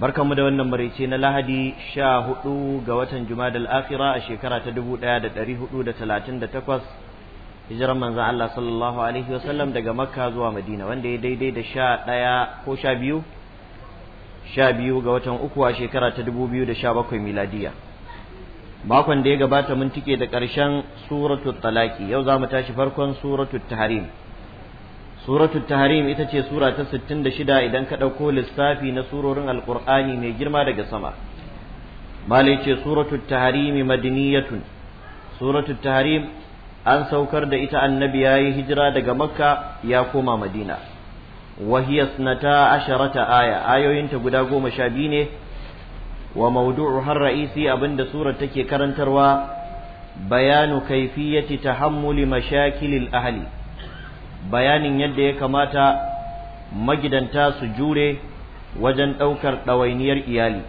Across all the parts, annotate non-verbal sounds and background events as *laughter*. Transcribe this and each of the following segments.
barkanmu da wannan maraice na lahadi sha hudu ga watan jumadal akhira a shekara ta dubu daya da dari hudu da talatin da takwas hijiran manzan Allah sallallahu alaihi wasallam daga makka zuwa madina wanda ya daidai da sha daya ko sha biyu sha biyu ga watan uku a shekara ta dubu biyu da sha bakwai miladiya makon da ya gabata mun tike da ƙarshen suratul talaki yau za mu tashi farkon suratul tahrim suratul tahrim ita ce sura ta 66 idan ka ɗauko lissafi na surorin alkur'ani mai girma daga sama malai ce suratul tahrim madaniyatun suratul tahrim an saukar da ita annabi yayi hijira daga makka ya koma madina wa hiya sanata asharata aya ayoyinta guda goma sha biyu ne wa mawdu'u har ra'isi abinda surar take karantarwa bayanu kayfiyati tahammuli mashakilil ahli bayanin yadda ya kamata magidanta su jure wajen ɗaukar ɗawainiyar iyali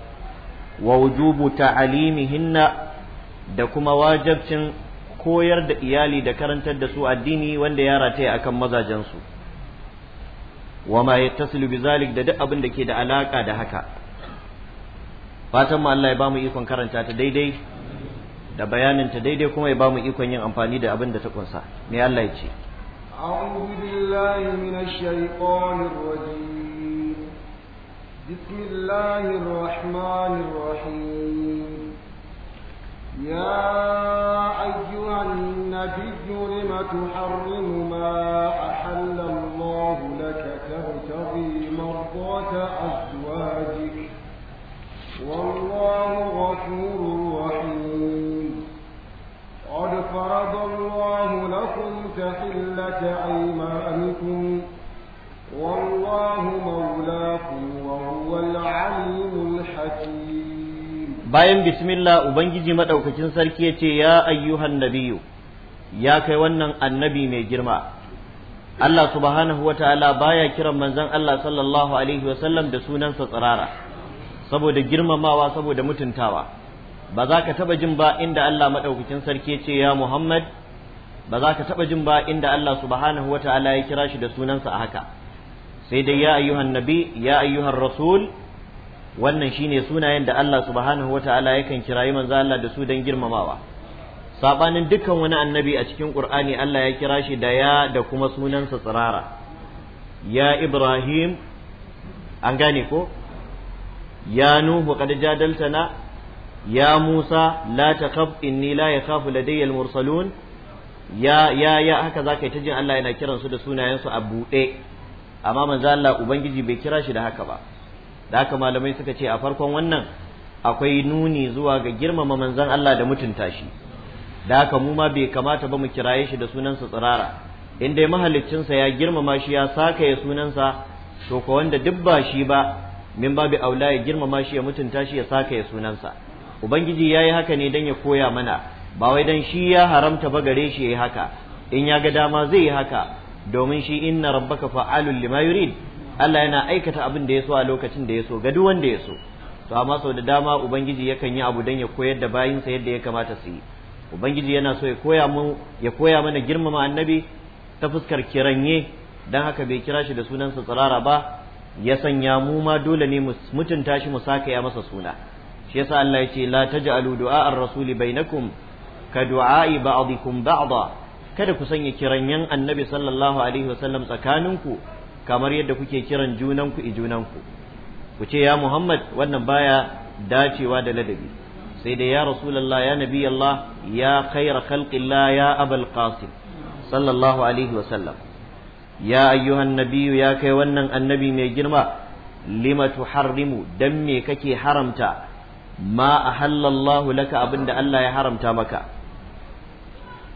wa wujubu ta'alimihinna da kuma wajabcin koyar da iyali da karantar da su addini wanda ya rataya akan mazajensu wa ma yattasilu bizalik da duk abin da ke da alaƙa da haka fatan mu Allah ya bamu ikon karanta ta daidai da bayanin ta daidai kuma ya bamu ikon yin amfani da abin da ta kunsa me Allah ya ce أعوذ بالله من الشيطان الرجيم بسم الله الرحمن الرحيم يا أيها النبي لم تحرم ما أحل الله لك تبتغي مرضات أزواجك والله غفور والله مولاكم وهو العليم الحكيم bayan bismillah ubangiji madaukakin sarki yace ya ayyuhan nabiyyu ya kai wannan annabi mai girma Allah subhanahu wa ta'ala baya kiran manzon Allah sallallahu alaihi wasallam da sunansa tsirara saboda girmamawa saboda mutuntawa ba za ka taba jin ba inda Allah madaukakin sarki yace ya Muhammad ba za ka taɓa jin ba inda Allah subhanahu wa ta'ala ya kira shi da sunansa a haka sai dai ya ayyuhan nabi ya ayyuhan rasul wannan shine sunayen da Allah subhanahu wa ta'ala yakan kirayi manzo Allah da su don girmamawa sabanin dukkan wani annabi a cikin Qur'ani Allah ya kira shi da ya da kuma sunansa tsirara ya Ibrahim an gane ko ya Nuhu qad jadaltana ya Musa la takhaf inni la yakhafu ladayya al-mursalun ya ya ya haka za ka yi ta jin Allah yana kiran su da sunayensu a buɗe amma manzo Allah ubangiji bai kira shi da haka ba da haka malamai suka ce a farkon wannan akwai nuni zuwa ga girmama manzon Allah da mutunta shi da haka mu ma bai kamata ba mu kiraye shi da sunansa tsirara in dai mahaliccinsa ya girmama shi ya saka ya sunansa to ko wanda duk ba shi ba min babu aula ya girmama shi ya mutunta shi ya saka ya sunansa ubangiji yayi haka ne dan ya koya mana ba wai dan shi ya haramta ba gare shi ya yi haka in ya ga dama zai yi haka domin shi inna rabbaka fa'alul lima yurid Allah yana aikata abin da ya so a lokacin da ya so ga duk wanda ya so to amma sau da dama ubangiji yakan yi abu dan ya koyar da bayinsa yadda ya kamata su yi ubangiji yana so ya koya mu ya koya mana girmama annabi ta fuskar kiranye dan haka bai kira shi da sunansa tsirara ba ya sanya mu ma dole ne mu mutunta shi mu saka ya masa suna shi yasa Allah ya ce la taj'alu du'a ar-rasuli bainakum ka du'a'i ba'dikum ba'da kada ku sanya kiranyan annabi sallallahu alaihi wasallam tsakaninku kamar yadda kuke kiran junanku i junanku ku ce ya Muhammad wannan baya dacewa da ladabi sai dai ya rasulullah ya nabi Allah ya khaira khalqillah ya abul qasim sallallahu alaihi wasallam ya ayyuhan nabiyyu ya kai wannan annabi mai girma lima tuharrimu dan me kake haramta ma ahallallahu laka abinda Allah ya haramta maka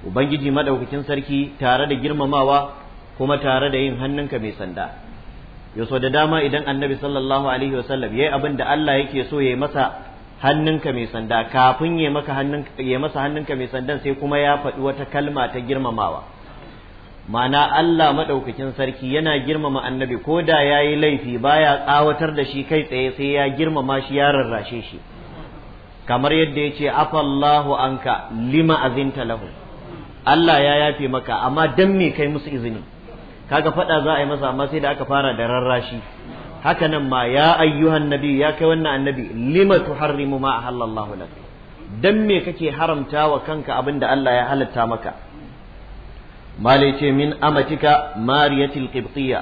ubangiji madaukakin sarki tare da girmamawa kuma tare da yin hannunka mai sanda yaso da dama idan annabi sallallahu alaihi wasallam yayi abin da Allah yake so yayi masa hannunka mai sanda kafin yayi maka masa hannunka mai sandan sai kuma ya faɗi wata kalma ta girmamawa ma'ana Allah madaukakin sarki yana girmama annabi ko da yayi laifi baya tsawatar da shi kai tsaye sai ya girmama shi ya rarrashe shi kamar yadda yace afallahu anka lima azinta lahu Allah ya yafe maka amma dan me kai musu izini kaga fada za a yi masa amma sai da aka fara da rarrashi haka nan ma ya ayyuhan nabi ya kai wannan annabi lima tuharrimu ma ahallallahu lak dan me kake haramta wa kanka abin da Allah ya halatta maka malai ce min amatika mariyatil qibtiyya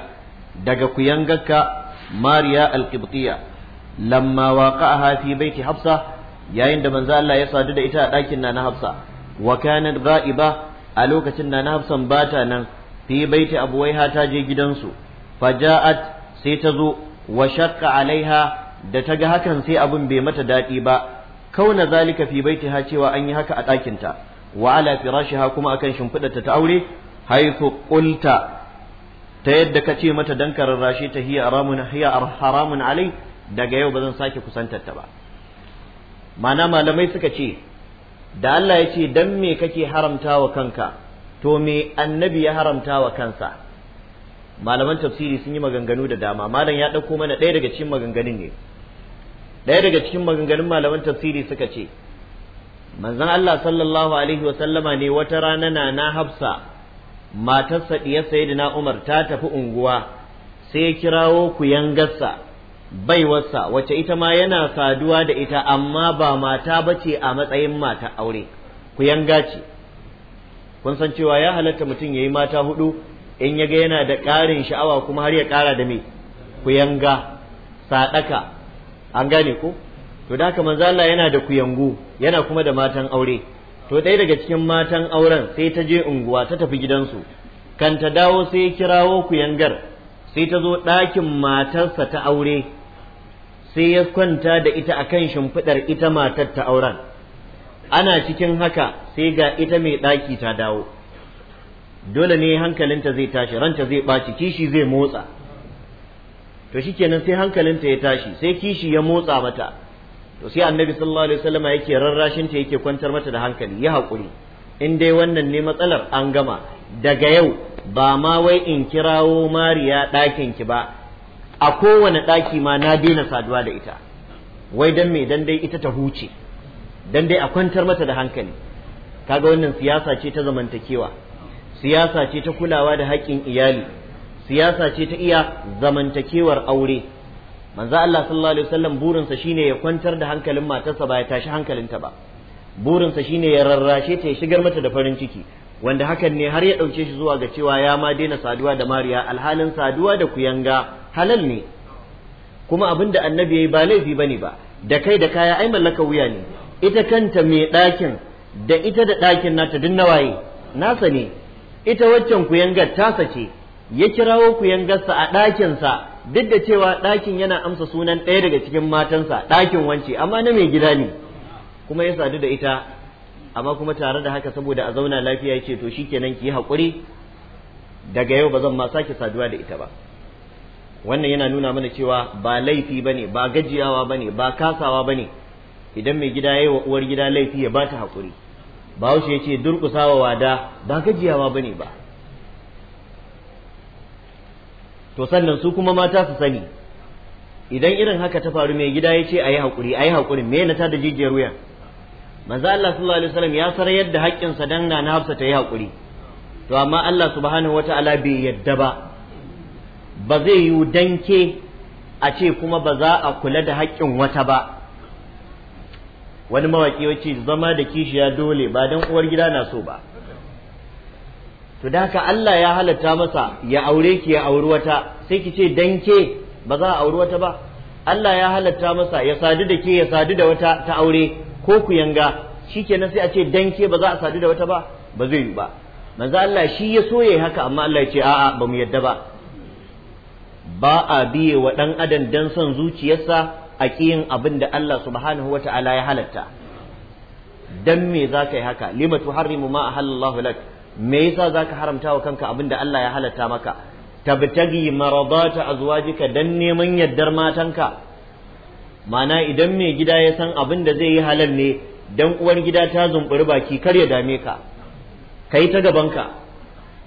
daga kuyangarka mariya al qibtiyya lamma waqa'aha fi baiti hafsa yayin da manzo Allah ya sadu da ita a ɗakin na na hafsa wa kanat ghaiba a lokacin da na hafsan bata nan fi baiti abuwaiha ta je gidansu faja'at sai ta zo wa shakka alaiha da ta ga hakan sai abin bai mata daɗi ba kauna zalika fi ha cewa an yi haka a ɗakinta wa ala ha kuma akan shimfiɗa ta aure haifu ƙulta ta yadda ka ce mata dan ka rarrashe ta hiya haramun hiya haramun alai daga yau ba zan sake kusantar ta ba ma'ana malamai suka ce da Allah ya ce dan me kake haramta wa kanka to me annabi ya haramta wa kansa malaman tafsiri sun yi maganganu da dama malam ya ɗauko mana ɗaya daga cikin maganganun ne ɗaya daga cikin maganganun malaman tafsiri suka ce manzon Allah sallallahu alaihi wa sallama ne wata rana na na Hafsa matarsa diyar Sayyidina Umar ta tafi unguwa sai ya kirawo ku yangarsa baiwarsa wacce ita ma yana saduwa da ita amma ba mata ba ce a matsayin mata aure ku yanga ce kun san cewa ya halatta mutum yayi mata hudu in yaga yana da ƙarin sha'awa kuma har ya ƙara da me ku yanga sadaka an gane ko to da haka manzo Allah yana da kuyangu yana kuma da matan aure to ɗaya daga cikin matan auren sai ta je unguwa ta tafi gidansu kan ta dawo sai ya kirawo kuyangar sai ta zo ɗakin matarsa ta aure sai ya kwanta da ita a kan shimfiɗar ita matar ta auren ana cikin haka sai ga ita mai ɗaki ta dawo dole ne hankalinta zai tashi ranta zai ɓaci kishi zai motsa to shikenan sai hankalinta ya tashi sai kishi ya motsa mata to sai annabi sallallahu alaihi wasallama yake rarrashinta yake kwantar mata da hankali ya haƙuri in dai wannan ne matsalar an gama daga yau ba ma wai in kirawo mariya ɗakin ki ba a kowane ɗaki ma na daina saduwa da ita wai don me dan dai ita ta huce dan dai a kwantar mata da hankali kaga wannan siyasa ce ta zamantakewa siyasa ce ta kulawa da haƙƙin iyali siyasa ce ta iya zamantakewar aure manzo Allah sallallahu alaihi wasallam burinsa shine ya kwantar da hankalin matarsa ba ya tashi hankalinta ba burinsa shine ya rarrashe ta ya shigar mata da farin ciki wanda hakan ne har ya ɗauke shi zuwa ga cewa ya ma daina saduwa da mariya alhalin saduwa da kuyanga halal ne kuma abin da annabi ya yi ba laifi bane ba da kai da kaya ai mallaka wuya ne ita kanta mai ɗakin da ita da ɗakin nata duk waye nasa ne ita waccan kuyangar tasa ce ya kirawo kuyangarsa a ɗakinsa duk da cewa ɗakin yana amsa sunan ɗaya daga cikin matansa ɗakin wance amma na mai gida ne kuma ya sadu da ita amma kuma tare da haka saboda a zauna lafiya ya ce to shikenan ki yi haƙuri daga yau ba zan ma sake saduwa da ita ba wannan yana nuna mana cewa ba laifi bane ba gajiyawa bane ba kasawa bane idan mai gida yayi wa uwar gida laifi ya bata hakuri bahaushe yace durkusawa wada ba gajiyawa bane ba to sannan su kuma mata su sani idan irin haka ta faru mai gida ya ce yace ayi hakuri ayi hakuri me na ta da jijiyar wuya manzo Allah sallallahu alaihi wasallam ya sarar yadda haƙƙinsa dan na Hafsa ta yi hakuri to amma Allah subhanahu wataala bai yadda ba ba zai yi danke a ce kuma ba za a kula da haƙƙin wata ba wani mawaƙi wace zama da kishiya dole ba dan uwar gida na so ba to da haka Allah ya halatta masa ya aure ki ya auri wata sai ki ce danke ba za a auri wata ba Allah ya halatta masa ya sadu da ke ya sadu da wata ta aure ko ku yanga shi shikenan sai a ce danke ba za a sadu da wata ba ba zai yi ba manzo Allah shi ya so yayi haka amma Allah ya ce a'a ba mu yadda ba ba a biye wa ɗan adam dan son zuciyarsa a ƙiyin abin da Allah subhanahu wa ta'ala ya halatta Don me za ka yi haka lima mu ma a ahallallahu lak me yasa za ka haramta wa kanka abin da Allah ya halatta maka tabtagi zuwa jika don neman yaddar matanka mana idan mai gida ya san abin da zai yi halar ne dan uwar gida ta zumburi baki kar ya dame ka kai ta gabanka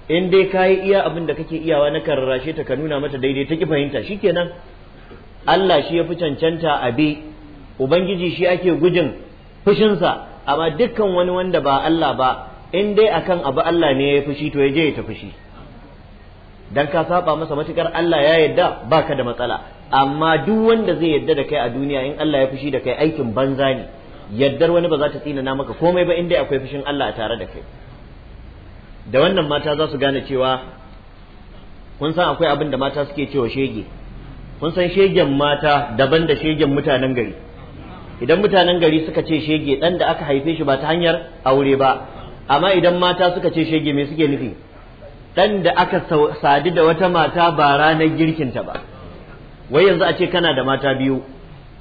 in dai ka yi iya abin da kake iyawa na karrashe ta ka nuna mata daidai ta ki fahimta shi kenan Allah shi ya fi cancanta a bi ubangiji shi ake gujin fushinsa amma dukkan wani wanda ba Allah ba in dai akan abu Allah ne ya fushi to ya je ya ta fushi dan ka saba masa matukar Allah ya yadda ka da matsala amma duk wanda zai yadda da kai a duniya in Allah ya fushi da kai aikin banza ne yaddar wani ba za ta na maka komai ba in dai akwai fushin Allah a tare da kai da wannan mata za su gane cewa kun san akwai abin da mata suke cewa shege kun san shegen mata daban da shegen mutanen gari idan mutanen gari suka ce shege dan da aka haife shi ba ta hanyar aure ba amma idan mata suka ce shege me suke nufi dan da aka sadi da wata mata ba ranar girkin ta ba wai yanzu a ce kana da mata biyu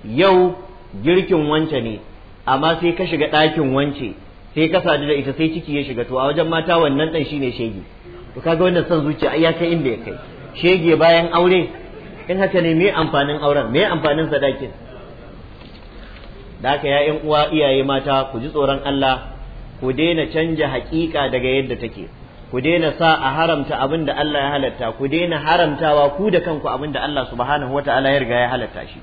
yau girkin wance ne amma sai ka shiga ɗakin wance sai ka sadu da ita sai ciki ya shiga to a wajen mata wannan dan shine shege to kaga wannan san zuciya ai ya kai inda ya kai shege bayan aure in haka ne me amfanin auren me amfanin sadakin da haka ya yan uwa iyaye mata ku ji tsoron Allah ku daina canja haƙiƙa daga yadda take ku daina sa a haramta abin da Allah ya halatta ku daina haramtawa ku da kanku abin da Allah subhanahu wataala ya riga ya halatta shi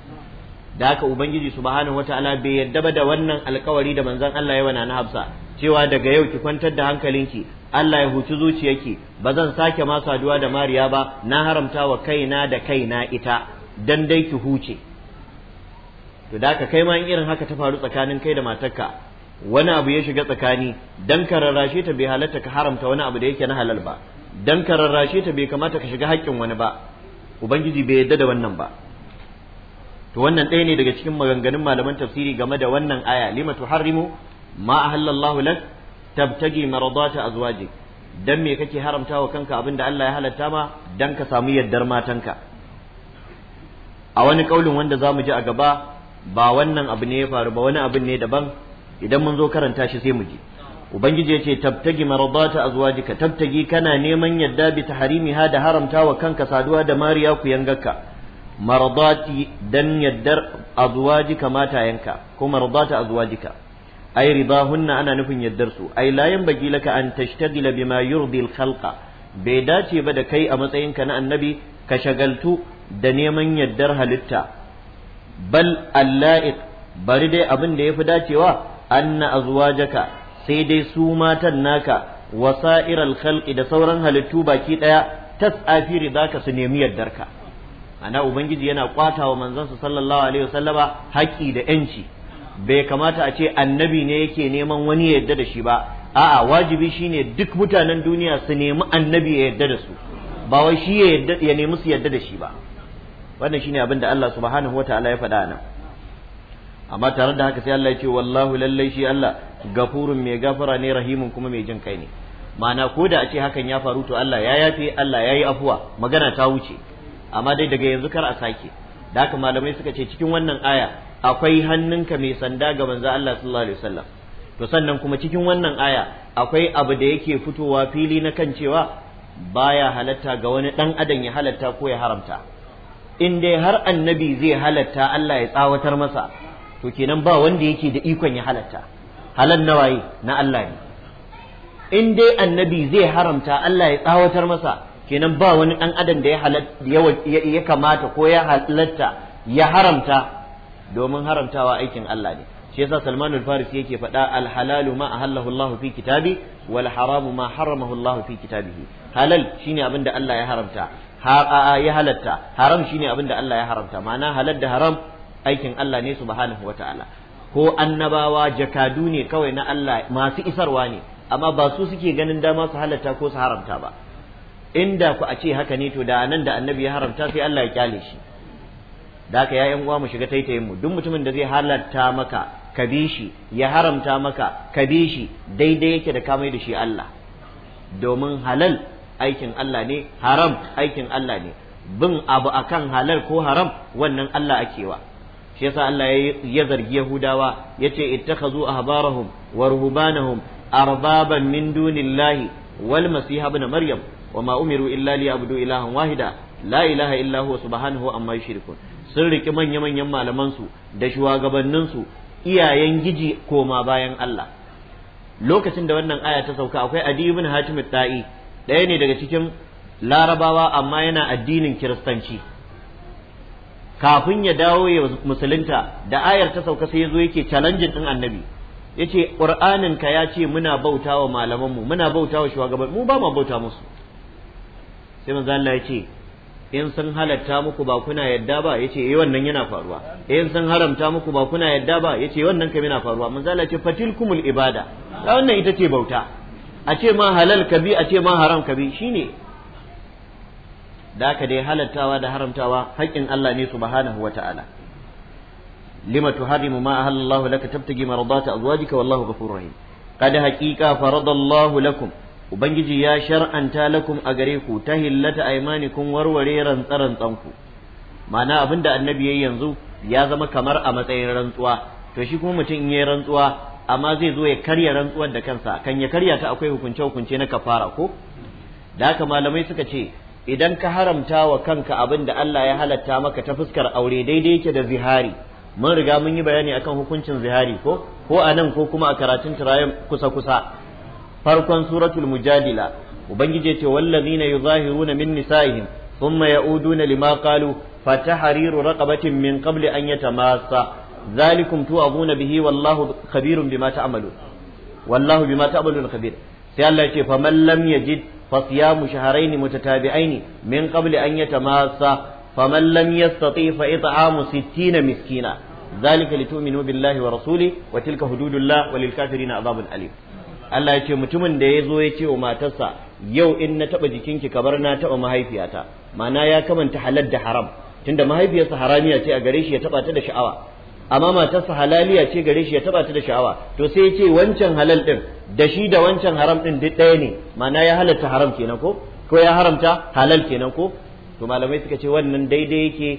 da haka ubangiji subhanahu wataala bai yadda ba da wannan alkawari da manzon Allah ya wana na Hafsa cewa daga yau ki kwantar da hankalinki Allah ya huci zuciyarki ba zan sake ma saduwa da Mariya ba na haramta wa kaina da kaina ita dan dai ki huce to da haka kai ma in irin haka ta faru tsakanin kai da matarka wani abu ya shiga tsakani dan ka ta bai halatta ka haramta wani abu da yake na halal ba dan ka ta bai kamata ka shiga haƙƙin wani ba ubangiji bai yadda da wannan ba to wannan ɗaya ne daga cikin maganganun malaman tafsiri game da wannan aya lima tuharrimu ma ahallallahu lak tabtagi maradata azwajik dan me kake haramtawa kanka abin da Allah ya halatta ma dan ka samu yaddar matanka a wani kaulin wanda za mu ji a gaba ba wannan abu ne ya faru ba wani abin ne daban idan mun zo karanta shi sai mu ji ubangiji yace tabtagi maradata azwajika tabtagi kana neman yadda bi taharimiha da haramtawa kanka saduwa da mariya ku ka. mardati dan yaddar azwajika matayanka ko mardata azwajika ai ridahunna ana nufin yaddar su ai la yanbaghi laka an tashtagila bima yurdi al bai dace ba da kai a matsayinka na annabi ka shagaltu da neman yaddar halitta bal alla'iq bari dai abin da yafi dacewa anna azwajaka sai dai su matan naka wasa'iral khalqi da sauran halittu baki daya tas'afi ridaka su nemi yardarka ana ubangiji yana kwatawa manzansa sallallahu alaihi wasallama haƙi da yanci bai kamata a ce annabi ne yake neman wani ya yarda da shi ba a'a wajibi shine duk mutanen duniya su nemi annabi ya yarda da su ba wai shi ya nemi su yarda da shi ba wannan shine abin da Allah subhanahu wataala ya faɗa nan amma tare da haka sai Allah ya ce wallahu lallai shi Allah gafurun mai gafara ne rahimun kuma mai jin kai ne mana ko da a ce hakan ya faru to Allah ya yafe Allah ya yi afuwa magana ta wuce amma dai daga yanzu kar a sake da haka malamai suka ce cikin wannan aya akwai hannunka mai sanda ga manzo Allah sallallahu alaihi wasallam to sannan kuma cikin wannan aya akwai abu da yake fitowa fili na kan cewa baya halatta ga wani dan adam ya halatta ko ya haramta in dai har annabi zai halatta Allah ya tsawatar masa to kenan ba wanda yake da ikon ya halatta halan nawaye na Allah ne in dai annabi zai haramta Allah ya tsawatar masa kenan ba wani ɗan adam da ya kamata ko ya halatta ya haramta domin haramtawa aikin Allah ne shi yasa Salman al-Farisi yake faɗa al-halalu ma ahallahu Allah fi kitabi wal haramu ma haramahu Allah fi kitabihi halal shine abin da Allah ya haramta ya halatta haram shine abin da Allah ya haramta ma'ana halal da haram aikin Allah ne subhanahu wata'ala ko annabawa jakadu ne kawai na Allah masu isarwa ne amma ba su suke ganin dama su halatta ko su haramta ba inda ku a ce haka ne to da nan da annabi ya haramta sai Allah ya kyale shi da haka ya yan uwa mu shiga taitayin mu duk mutumin da zai halatta maka ka bi shi ya haramta maka ka bi shi daidai yake da kamai da shi Allah domin halal aikin Allah ne haram aikin Allah ne bin abu akan halal ko haram wannan Allah ake wa shi yasa Allah ya zargi Yahudawa yace ittakhazu ahbarahum wa ruhbanahum arbaban min dunillahi wal masiha ibn maryam wa ma umiru illa abudu ilahan wahida la ilaha illa huwa subhanahu amma yushrikun sun riki manya manyan malamansu da shugabanninsu iyayen giji koma bayan Allah lokacin da wannan aya ta sauka akwai adi ibn hatim ta'i ɗaya ne daga cikin larabawa amma yana addinin kiristanci kafin ya dawo ya musulunta da ayar ta sauka sai ya zo yake challenging din annabi yace qur'anin ka ya ce muna bautawa malaman mu muna bautawa shugaban mu ba mu bauta musu sai manzo Allah ya ce in sun halatta muku ba kuna yadda ba yace eh wannan yana faruwa in sun haramta muku ba kuna yadda ba yace wannan kam yana faruwa manzo Allah ya ce fatilkumul ibada da wannan ita ce bauta a ce ma halal kabi a ce ma haram kabi shine da aka dai halattawa da haramtawa haƙƙin Allah ne subhanahu wata'ala lima tuharimu ma ahallallahu laka tabtagi maradata azwajika wallahu ghafurur rahim qad haqiqa faradallahu lakum ubangiji ya shar'anta lakum a gare ku ta hillata kun warware rantsa-rantsanku ma'ana abin da annabi ya yanzu ya zama kamar a matsayin rantsuwa to shi kuma mutum in yi rantsuwa amma zai zo ya karya rantsuwar da kansa kan ya karya ta akwai hukunce hukunce na kafara ko da haka malamai suka ce idan ka haramta wa kanka abin da Allah ya halatta maka ta fuskar aure daidai yake da zihari mun riga mun yi bayani akan hukuncin zihari ko ko a nan ko kuma a karatun tirayen kusa kusa farkon suratul mujadila ubangiji ce wallazina yuzahiruna min nisaihim thumma yauduna lima qalu fatahriru raqabatin min qabli an yatamassa zalikum tu'abuna bihi wallahu khabirun bima ta'malun wallahu bima ta'malun khabir sai Allah ya ce faman lam yajid fasiyamu shahrayn mutatabi'ain min qabli an yatamassa faman lam yastati fa it'amu 60 miskina ذلك لتؤمنوا بالله ورسوله وتلك حدود الله وللكافرين عذاب أليم Allah ya ce mutumin da ya zo ya ce wa matarsa yau in na taɓa jikinki kamar na taɓa mahaifiyata ma'ana ya kamanta halal da haram tunda mahaifiyarsa haramiya ce a gare shi ya taɓa ta da sha'awa amma matarsa halaliya ce gare shi ya taɓa ta da sha'awa to sai ya ce wancan halal ɗin da shi da wancan haram ɗin duk ɗaya ne ma'ana ya halatta haram kenan ko ko ya haramta halal kenan ko to malamai suka ce wannan daidai yake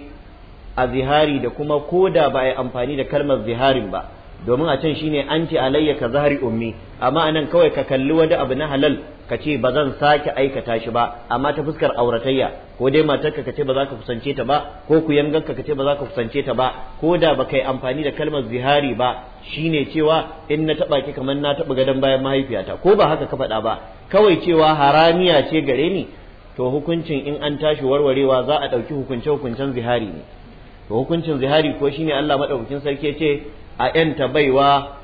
a zihari da kuma ko da ba a yi amfani da kalmar ziharin ba domin a can shine anti alayya ka zahari ummi amma anan kawai ka kalli wani abu na halal ka ce ba zan sake aikata shi ba amma ta fuskar auratayya ko dai matarka ka ce ba za ka kusance ta ba ko ku yanganka ka ce ba za ka kusance ta ba ko da ba kai amfani da kalmar zihari ba shine cewa in na taba ki kamar na taba gadon bayan mahaifiyata ko ba haka ka faɗa ba kawai cewa haramiya ce gare ni to hukuncin in an tashi warwarewa za a ɗauki hukunce hukuncen zihari ne to hukuncin zihari ko shine Allah madaukakin sarki ya ce a ‘yanta baiwa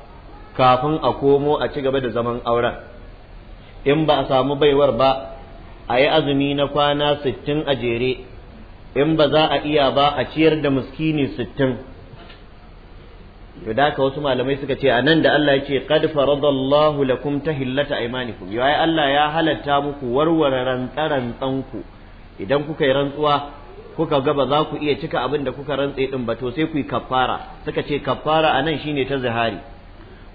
kafin a komo a ci gaba da zaman auren in ba a samu baiwar ba a yi azumi na kwana sittin a jere in ba za a iya ba a ciyar da muskini sittin da ka wasu malamai suka ce a nan da Allah ya ce Kad faradallahu lakum tahillata aymanikum yayi Allah ya halatta muku warware rantsaran tsanku idan kuka yi rantsuwa kuka ga ba za ku iya cika abin da kuka rantse din ba to sai ku yi kafara suka ce kaffara anan shine ta zihari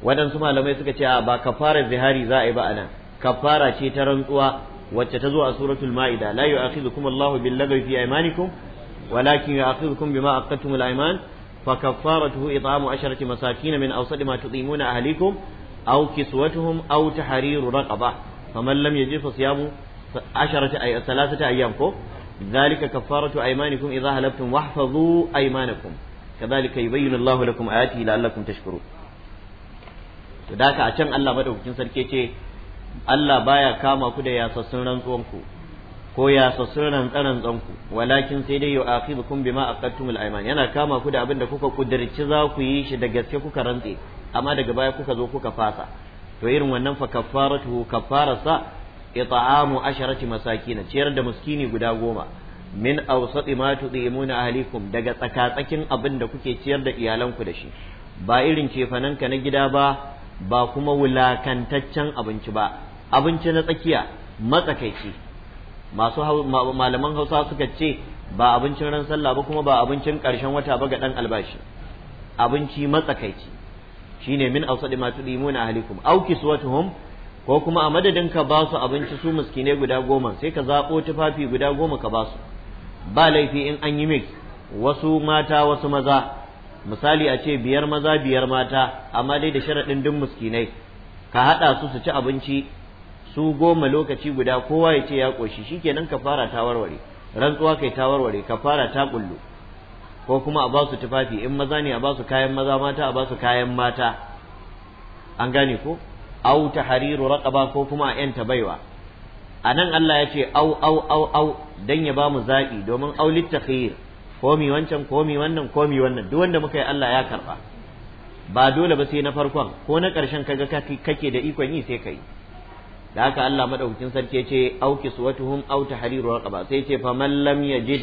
waɗansu malamai suka ce ba kaffara zihari za a yi ba anan kafara ce ta rantsuwa wacce ta zo a suratul ma'ida la yu'akhidhukum Allahu bil lagwi fi aymanikum walakin yu'akhidhukum bima aqadtumul ayman فكفارته إطعام عشرة مساكين من أوسط ما تطعمون أهليكم أو كسوتهم أو تحرير رقبة فمن لم يجد فصيام عشرة أي ثلاثة أيام كو zalika kafaratu aymanikum idza halaftum wahfazu aymanakum kadhalika yubayyinu Allahu lakum ayatihi la'allakum tashkurun to da a can Allah madaukakin sarki ce Allah baya kama ku da yasassun rantsuwan ku ko yasassun rantsaran ku walakin sai dai yau yu'akhidhukum bima aqadtumul ayman yana kama ku da abin da kuka kudirci za ku yi shi da gaske kuka rantse amma daga baya kuka zo kuka fasa to irin wannan fa kaffaratuhu kaffarasa ita'amu asharati masakin ciyar da muskini guda goma min awsati ma tudimuna ahlikum daga tsakatsakin abin da kuke ciyar da iyalanku da shi ba irin ka na gida ba ba kuma wulakantaccen abinci ba abinci na tsakiya matsakaici masu malaman hausa suka ce ba abincin ran sallah ba kuma ba abincin ƙarshen wata ba ga ɗan albashi abinci matsakaici shine min awsadi ma tudimuna ahlikum aw kiswatuhum ko kuma a madadin ka ba su abinci su miskinai guda goma sai ka zaɓo tufafi guda goma ka ba su ba laifi in an yi mix wasu mata wasu maza misali a ce biyar maza biyar mata amma dai da sharaɗin duk miskinai ka haɗa su su ci abinci su goma lokaci guda kowa ya ce ya ƙoshi shikenan ka fara ta warware rantsuwa kai ta warware ka fara ta ƙullu ko kuma a ba su tufafi in maza ne a ba su kayan maza mata a ba su kayan mata an gane ko au hariru raqaba ko kuma a yanta baiwa a nan Allah yace ce au au au au dan ya bamu zaɓi domin au littakhir ko mi wancan ko mi wannan ko mi wannan duk wanda muka yi Allah ya karba ba dole ba sai na farkon ko na ƙarshen kaga kake da ikon yi sai kai da haka Allah madaukakin sarki ya ce au kiswatuhum au hariru raqaba sai ce fa man lam yajid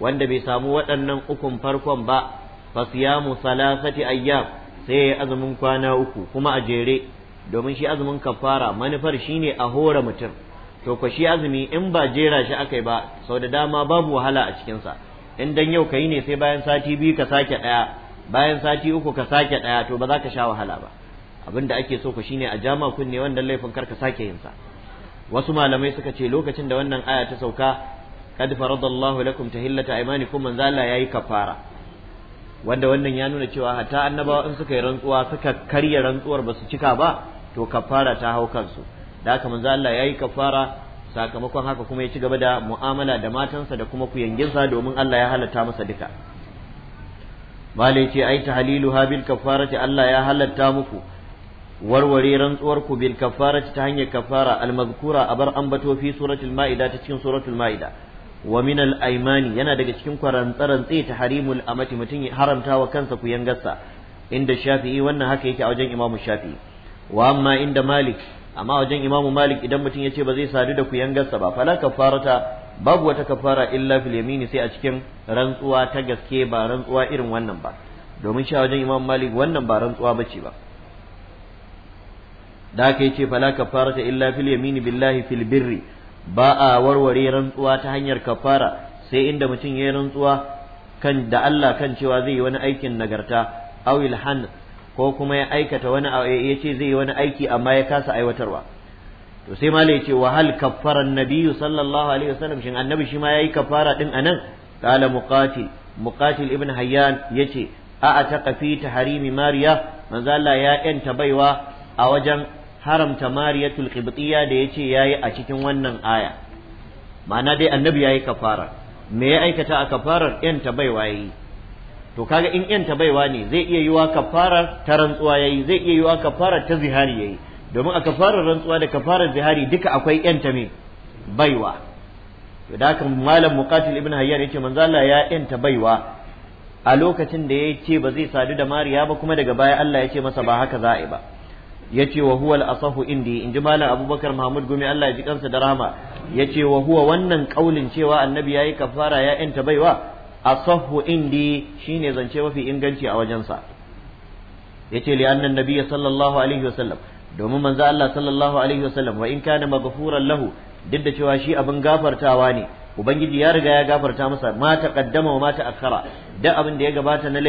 wanda bai samu waɗannan ukun farkon ba fa siyamu salasati ayyam sai azumin kwana uku kuma a jere domin shi azumin kafara manufar shine a hore mutum to ko shi azumi in ba jera shi akai ba sau da dama babu wahala a cikinsa in dan yau ka ne sai bayan sati biyu ka sake daya. bayan sati uku ka sake daya to ba za ka sha wahala ba abin da ake so ku shine a jama kunne wannan laifin kar ka sake yinsa wasu malamai suka ce lokacin da wannan aya ta sauka kad faradallahu lakum tahillata aymanikum man zalla yayi kafara wanda wannan ya nuna cewa hatta annabawa in suka yi rantsuwa suka karya rantsuwar ba su cika ba to kafara ta hau kansu da haka manzo Allah yi kafara sakamakon haka kuma ya ci gaba da mu'amala da matansa da kuma kuyanginsa domin Allah ya halatta masa duka malai ce ai tahlilu habil kafarati Allah ya halatta muku warware rantsuwar ku bil kafarati ta hanyar kafara al mazkura abar ambato fi suratul maida ta cikin suratul maida wa min al aymani yana daga cikin kwarantsarantsi ta harimul amati mutun haramta wa kansa kuyangarsa inda shafi'i wannan haka yake a wajen imamu shafi'i wa amma inda malik amma wajen imamu malik idan mutum ya ce ba zai sadu da ku yangarsa ba fala kafarata babu wata kafara illa fil yamini sai a cikin rantsuwa ta gaske ba rantsuwa irin wannan ba domin shi wajen imamu malik wannan ba rantsuwa bace ba da kai ce fala kafarata illa fil yamini billahi fil birri ba a warware rantsuwa ta hanyar kafara sai inda mutum ya yi rantsuwa kan da Allah kan cewa zai yi wani aikin nagarta awil han ko kuma ya aikata wani ya ce zai yi wani aiki amma ya kasa aiwatarwa to sai ya ce wa hal kaffara annabiyyu sallallahu alaihi wasallam shin annabi shi ma yayi kaffara din anan qala muqatil muqatil ibn hayyan yace a ataqa fi tahrimi mariya manzo Allah ya yanta baiwa a wajen haramta mariyatul qibtiyya da yace yayi a cikin wannan aya ma'ana dai annabi yayi kafara me ya aikata a kafarar yanta baiwa yayi to kaga in ta baiwa ne zai iya yiwa kafara ta rantsuwa yayi zai iya yiwa kafara ta zihari yayi domin a kafarar rantsuwa da kafarar zihari duka akwai ta me baiwa to da haka malam muqatil ibn hayyan yace manzo Allah ya ta baiwa a lokacin da ya ce ba zai sadu da mariya ba kuma daga baya Allah ya ce masa ba haka za a yi ba ya ce wa huwa al-asahu indi in ji malam abubakar mahmud gumi Allah ya ji kansa da rahama ya wa huwa wannan kaulin cewa annabi yayi kafara ya ta baiwa asahhu indi shine zance mafi inganci a wajensa yace li annan nabiyyi sallallahu alaihi wasallam domin manzo Allah sallallahu alaihi wasallam wa in kana maghfuran lahu duk da cewa shi abin gafartawa ne ubangiji ya riga ya gafarta masa ma taqaddama wa ma ta'akhkhara da abin da ya gabata na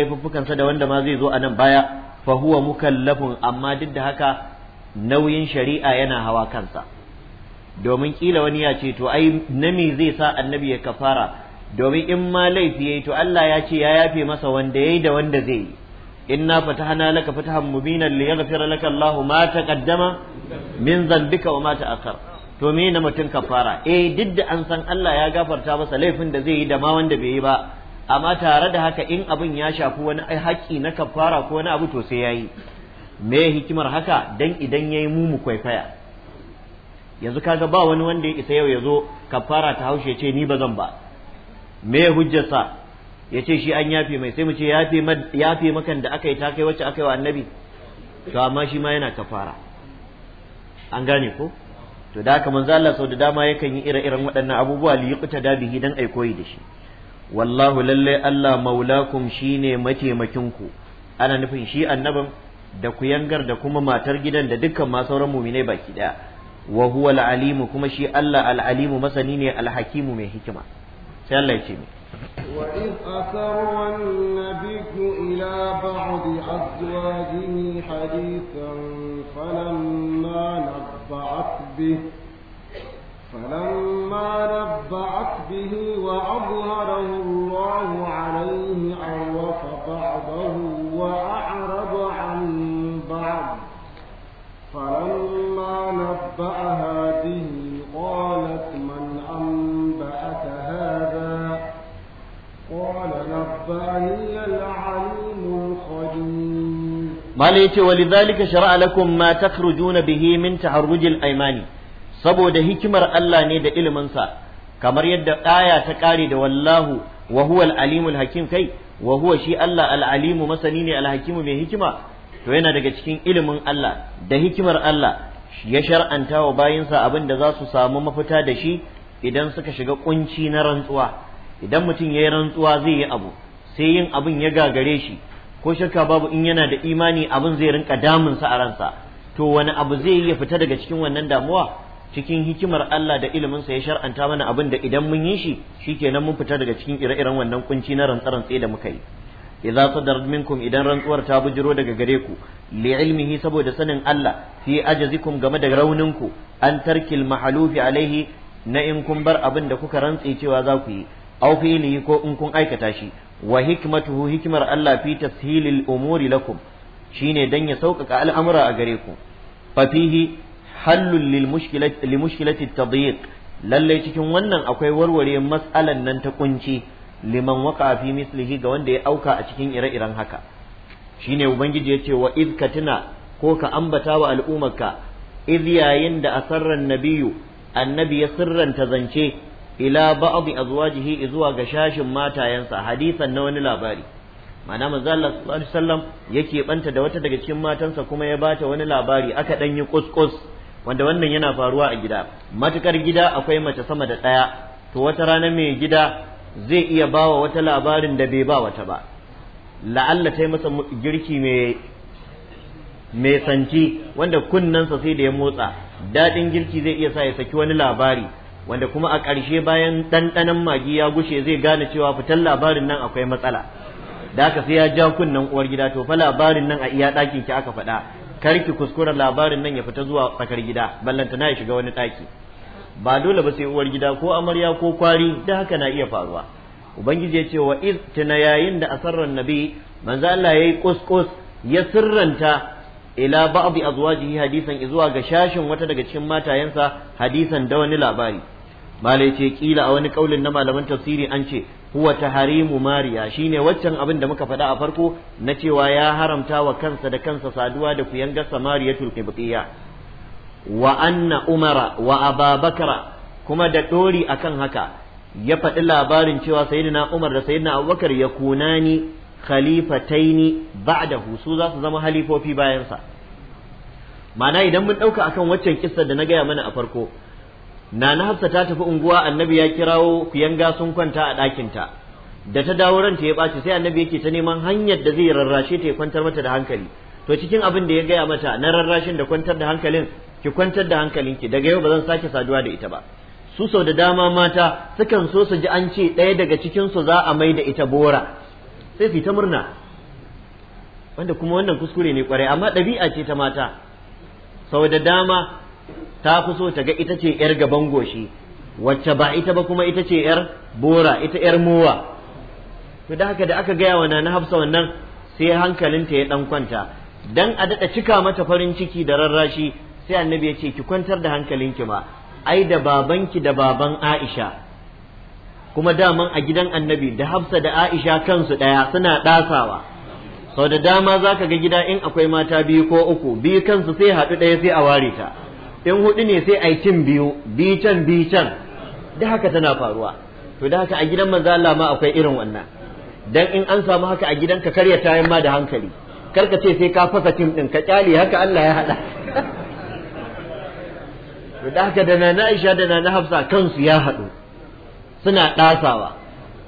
sa da wanda ma zai zo a nan baya fa huwa mukallafun amma duk da haka nauyin shari'a yana hawa kansa domin kila wani ya ce to ai nami zai sa annabi ya kafara domin in ma laifi yayi to Allah ya ce ya yafe masa wanda yayi da wanda zai yi inna fatahna laka fatahan mubinan liyaghfira laka Allahu ma taqaddama min dhanbika wa ma ta'akhkhar to me na mutun kafara eh duk da an san Allah ya gafarta masa laifin da zai yi da ma wanda bai yi ba amma tare da haka in abin ya shafi wani haƙƙi na kafara ko wani abu to sai yayi me hikimar haka dan idan yayi mu mu kwaikwaya yanzu kaga ba wani wanda ya isa yau ya zo kafara ta haushe ce ni ba zan ba me hujjarsa ya ce shi an yafe mai sai mu ce yafe makan da aka yi ta kai wacce aka yi wa annabi to amma shi ma yana kafara an gane ko to da haka manzo Allah sau da dama yakan yi ire-iren waɗannan abubuwa li yuqta da bihi dan ai koyi da shi wallahu lalle Allah maulakum shine mataimakin ku ana nufin shi annabin da ku yangar da kuma matar gidan da dukkan ma sauran muminai baki daya wa huwa al-alimu kuma shi Allah al-alimu masani ne al-hakimu mai hikima sai Allah ya ce mu وإذ أسر النبي إلى بعض أزواجه حديثا فلما نبأت به فلما نبأت به وأظهره الله عليه عرف بعضه وأعرض عن بعض فلما نبأها به قالت الثاني ya ce ما ليتي shara'a lakum ma ما تخرجون به من تحرج saboda hikimar Allah ne da iliminsa kamar yadda aya ta kare da wallahu wa huwa al-alimul hakim kai wa huwa shi Allah al-alimu masani ne al-hakimu mai hikima to yana daga cikin ilimin Allah da hikimar Allah ya shar'anta wa bayinsa abin da za su samu mafita da shi idan suka shiga kunci na rantsuwa idan mutum ya yi rantsuwa zai yi abu sai yin abin ya gagare shi ko shakka babu in yana da imani abin zai rinka damunsa a ransa to wani abu zai iya fita daga cikin wannan damuwa cikin hikimar Allah da iliminsa ya shar'anta mana abin da idan mun yi shi shikenan mun fita daga cikin ire-iren wannan kunci na rantsa da muka yi idza sadar minkum idan rantsuwar ta bujiro daga gare ku li ilmihi saboda sanin Allah fi ajazikum game da raunin ku an tarkil mahalufi alaihi na in kun bar abin da kuka rantse cewa za ku yi aw fi'lihi ko in kun aikata shi wa hikmatuhu hikmar Allah fi tashilil umuri lakum shine dan ya sauƙaƙa al'amura a gare ku fa fihi hallul lil mushkilati li mushkilati tadyiq lalle cikin wannan akwai warware mas'alan nan ta kunci liman waka fi mislihi ga wanda ya auka a cikin ire-iren haka shine ubangiji yace wa id katina ko ka ambata wa al'ummarka iz yayin da asarran nabiyu annabi ya ta zance ila ba'd azwajihi zuwa ga shashin matayansa hadisan na wani labari Mana manzo Allah sallallahu alaihi wasallam yake banta da wata daga cikin matansa kuma ya bata wani labari aka dan yi kuskus wanda wannan yana faruwa a gida matukar gida akwai mace sama da ɗaya to wata rana mai gida zai iya bawa wata labarin da bai ba wata ba la'alla ta masa girki mai mai santi wanda kunnensa sai da ya motsa daɗin girki zai iya sa ya saki wani labari wanda kuma a ƙarshe bayan ɗanɗanon magi ya gushe zai gane cewa fitar labarin nan akwai matsala da aka sai ya ja kunnen uwar gida to fa labarin nan a iya ɗakin ki aka faɗa Kar ki kuskura labarin nan ya fita zuwa tsakar gida ballanta na ya shiga wani ɗaki ba dole ba sai uwar gida ko amarya ko kwari da haka na iya faruwa ubangiji ya ce wa iz tuna yayin da asarran nabi manzo Allah yayi kuskus ya sirranta ila ba'di azwajihi hadisan zuwa ga shashin wata daga cikin matayensa hadisan da wani labari malai ce kila a wani kaulin na malaman tafsiri an ce huwa taharimu mariya shine waccan abin da muka faɗa a farko na cewa ya haramta wa kansa da kansa saduwa da yanga samariyatul qibtiyya wa anna umara wa ababakara kuma da dori akan haka ya faɗi labarin cewa sayyidina umar da sayyidina abubakar ya kunani khalifataini ba'dahu su za su zama halifofi bayansa ma'ana idan mun ɗauka akan waccan kissa da na gaya mana a farko nana hafsa ta tafi unguwa annabi ya kirawo kuyanga sun kwanta a ɗakinta da ta dawo ranta ya ɓaci sai annabi yake ta neman hanyar da zai rarrashe ta ya kwantar mata da hankali to cikin abin da ya gaya mata na rarrashin da kwantar da hankalin ki kwantar da ki. daga yau ba zan sake saduwa da ita ba su sau da dama mata sukan so su ji an ce ɗaya daga cikin su za a mai da ita bora sai su ta murna wanda kuma wannan kuskure ne kwarai amma ɗabi'a ce ta mata sau da dama ta fi so ta ga ita ce yar gaban goshi wacce ba ita ba kuma ita ce yar bora ita yar mowa to da haka da aka gaya wa na hafsa wannan sai hankalinta ya ɗan kwanta dan a daɗa cika mata farin ciki da rarrashi sai annabi ya ce ki kwantar da hankalinki ma ai da babanki da baban Aisha kuma daman a gidan annabi da hafsa da Aisha kansu ɗaya suna ɗasawa sau da dama za ka ga gida in akwai mata biyu ko uku biyu kansu sai haɗu ɗaya sai a ware ta in hudu ne sai a yi cin biyu bi can bi can da haka tana faruwa to da haka a gidan manzo Allah ma akwai irin wannan dan in an samu haka a gidan ka karya tayin ma da hankali kar ka ce sai ka fasa cin din ka kyale haka Allah ya hada *laughs* to da haka da na Aisha da na Hafsa kansu ya hadu suna dasawa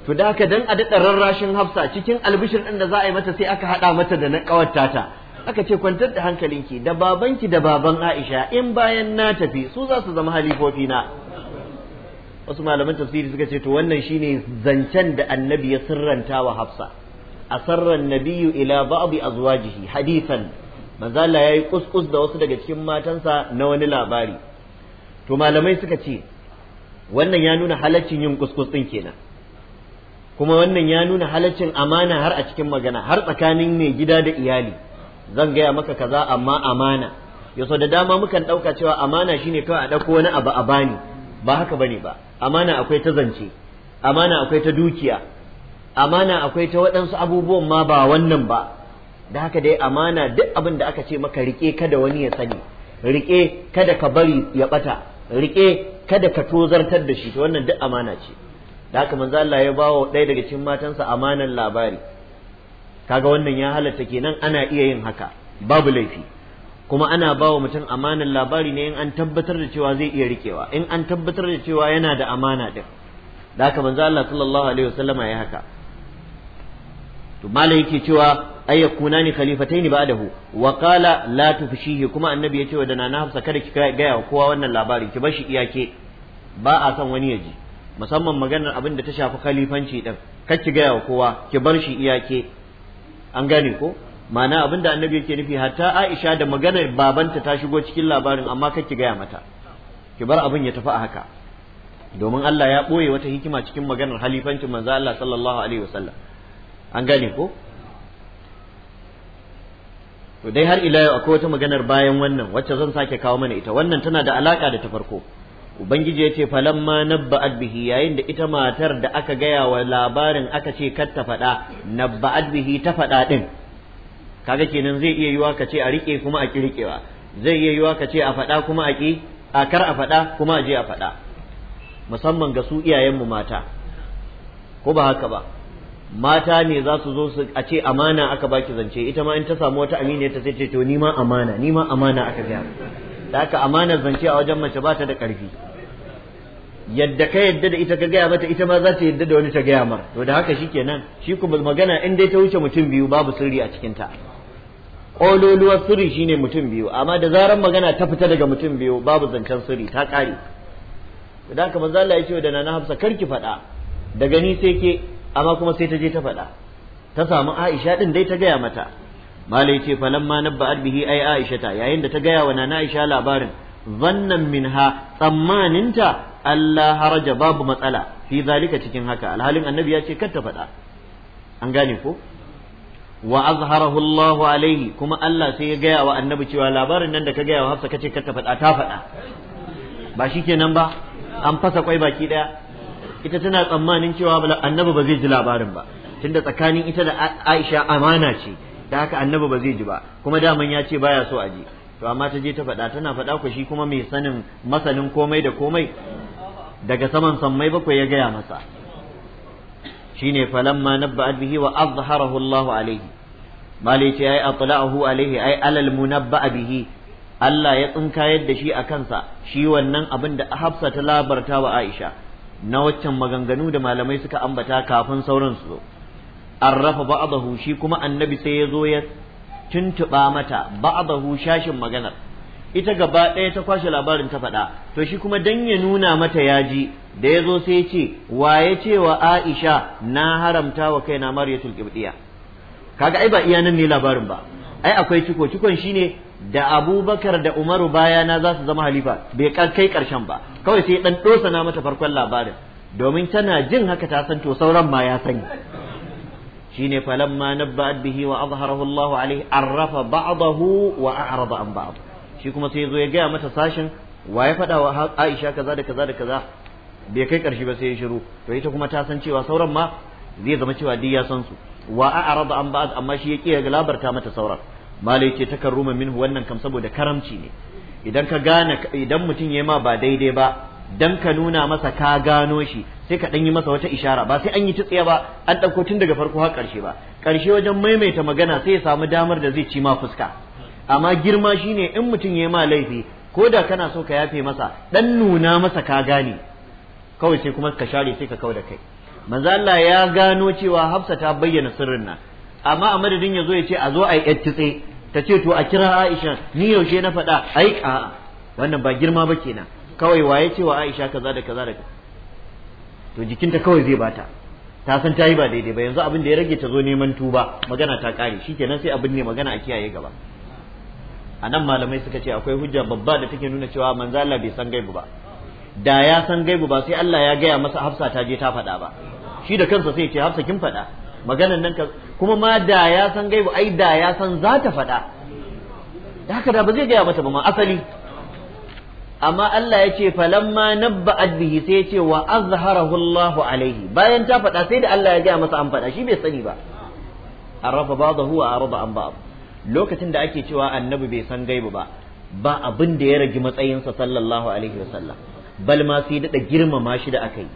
to da haka dan a daɗa rarrashin Hafsa cikin albishir din da za a yi mata sai aka hada mata da na kawarta ta aka ce kwantar da hankalinki da babanki da baban Aisha in bayan na tafi su za su zama halifofi na wasu malaman tafsiri suka ce to wannan shine zancen da annabi ya sirranta wa Hafsa asarran nabiyyu ila ba'd azwajihi hadithan manzo Allah yayi kuskus da wasu daga cikin matansa na wani labari to malamai suka ce wannan ya nuna halaccin yin kuskus din kenan kuma wannan ya nuna halaccin amana har a cikin magana har tsakanin mai gida da iyali zan gaya maka kaza amma amana yaso da dama mukan ɗauka cewa amana shine kawai a ɗauko wani abu a bani ba haka bane ba amana akwai ta zance amana akwai ta dukiya amana akwai ta waɗansu abubuwan ma ba wannan ba da haka dai amana duk abin da aka ce maka rike kada wani ya sani riƙe kada ka bari ya ɓata rike kada ka tozartar da shi to wannan duk amana ce da haka manzo Allah ya bawo ɗaya daga cikin matansa amanan labari kaga wannan ya halatta kenan ana iya yin haka babu laifi kuma ana ba wa mutum amanan labari ne in an tabbatar da cewa zai iya rikewa in an tabbatar da cewa yana da amana din da haka manzo Allah sallallahu alaihi wasallama ya haka to malai yake cewa ay ni khalifataini ba'dahu wa qala la tufshihi kuma annabi ya ce wa dana na hafsa kada ki gaya wa kowa wannan labari ki bar shi iyake ba a son wani ya ji musamman maganar abin da ta shafi khalifanci din kar ki gaya wa kowa ki bar shi iyake an gane ko ma'ana abin da annabi yake nufi hatta aisha da maganar babanta ta shigo cikin labarin amma kake gaya mata ki bar abin ya tafi a haka domin Allah ya ɓoye wata hikima cikin maganar halifancin manzo Allah sallallahu alaihi wasallam an gane ko to dai har ila yau akwai wata maganar bayan wannan wacce zan sake kawo mana ita wannan tana da alaka da ta farko ubangiji ya ce ma nabba adbihi yayin da ita matar da aka gaya wa labarin aka ce kar ta faɗa nabba adbihi ta faɗa ɗin kaga kenan zai iya yiwa ka ce a riƙe kuma a riƙewa zai iya yiwa ka ce a faɗa kuma a ki a kar a faɗa kuma a je a faɗa musamman ga su iyayenmu mata ko ba haka ba mata ne za su zo su a ce amana aka baki zance ita ma in ta samu wata aminiya ta ce to ni ma amana ni ma amana aka gaya da aka amana zance a wajen mace ba ta da ƙarfi yadda ka yadda da ita ka gaya mata ita ma za ta yadda da wani ta gaya mar to da haka shikenan shi kuma magana in dai ta wuce mutum biyu babu sirri a cikin ta ƙololuwar sirri shine mutum biyu amma da zarar magana ta fita daga mutum biyu babu zancen sirri ta ƙare da haka manzo Allah ya ce da nana Hafsa ki faɗa daga ni sai ke amma kuma sai ta je ta faɗa ta samu Aisha din dai ta gaya mata malai ce falamma nabba'at bihi ai Aisha ta yayin da ta gaya wa nana Aisha labarin zannan minha tsammaninta Allah haraja babu matsala fi zalika cikin haka alhalin annabi ya ce kar ta faɗa an gane ko wa azharahu Allahu alaihi kuma Allah sai ya gaya wa annabi cewa labarin nan da ka gaya wa Hafsa kace kar ta faɗa ta faɗa ba shikenan ba an fasa kwai baki daya ita tana tsammanin cewa annabi ba zai ji labarin ba tunda tsakanin ita da Aisha amana ce da haka annabi ba zai ji ba kuma daman ya ce baya so a ji to amma ta je ta faɗa tana faɗa ku shi kuma mai sanin masanin komai da komai daga saman sammai bakwai ya gaya masa shine falamma nabba'at bihi wa azharahu Allah alaihi mali ce ai atla'ahu alaihi ai alal munabba'a bihi Allah ya tsinkayar da shi a kansa shi wannan abin da Hafsa ta labarta wa Aisha na waccan maganganu da malamai suka ambata kafin sauran su zo arrafa ba'dahu shi kuma annabi sai ya zo ya tuntuɓa mata bahu shashin maganar ita gaba ɗaya ta kwashe labarin ta faɗa to shi kuma dan ya nuna mata yaji da ya zo sai ce wa ya ce wa Aisha na haramta wa kaina Maryatul Qibtiyya kaga ai ba iya nan ne labarin ba ai akwai ciko cikon shine da abubakar da umaru bayana za su zama halifa bai kai karshen ba kawai sai ɗan dosa na mata farkon labarin domin tana jin haka ta san to sauran ma ya sani shine falamma nabba'at bihi wa azharahu Allahu alaihi arrafa ba'dahu wa a'rada an ba'd shi kuma sai yazo ya gaya mata sashin wa ya faɗa wa Aisha kaza da kaza da kaza bai kai karshe ba sai ya shiru to ita kuma ta san cewa sauran ma zai zama cewa duk ya san su wa a'rada an ba'd amma shi ya kiya galabarta mata sauran malai ce takarruma minhu wannan kam saboda karamci ne idan ka gane idan mutum ya ma ba daidai ba dan ka nuna masa ka gano shi sai ka ɗan yi masa wata ishara ba sai an yi tsiya ba an ɗauko tun daga farko har ƙarshe ba ƙarshe wajen maimaita magana sai ya samu damar da zai ci ma fuska amma girma shine in mutum ya ma laifi ko da kana so ka yafe masa ɗan nuna masa ka gane kawai sai kuma ka share sai ka kau da kai manzo Allah ya gano cewa Hafsa ta bayyana sirrin nan amma a madadin ya zo ya ce a zo a yi titse ta ce to a kira Aisha ni yaushe na faɗa ai a'a wannan ba girma ba kenan kawai waye cewa Aisha kaza da kaza da kaza to jikinta kawai zai bata ta san ta yi ba daidai ba yanzu abin da ya rage ta zo neman tuba magana ta kare shikenan sai abin ne magana a kiyaye gaba a nan malamai suka ce akwai hujja babba da take nuna cewa manzo Allah bai san gaibu ba da ya san gaibu ba sai Allah ya gaya masa Hafsa ta je ta faɗa ba shi da kansa sai ya ce Hafsa kin faɗa maganan nan kuma ma da ya san gaibu ai da ya san za ta faɗa haka da ba zai gaya mata ba ma asali amma Allah ya ce falamma nabba bihi sai ya ce wa azharahu Allah alaihi bayan ta faɗa sai da Allah ya gaya masa an faɗa shi bai sani ba arafa ba'dahu wa arada an ba'd lokacin da ake cewa annabi bai san gaibu ba ba abin da ya rage matsayinsa sallallahu alaihi wasallam bal ma sai da girmama shi da akai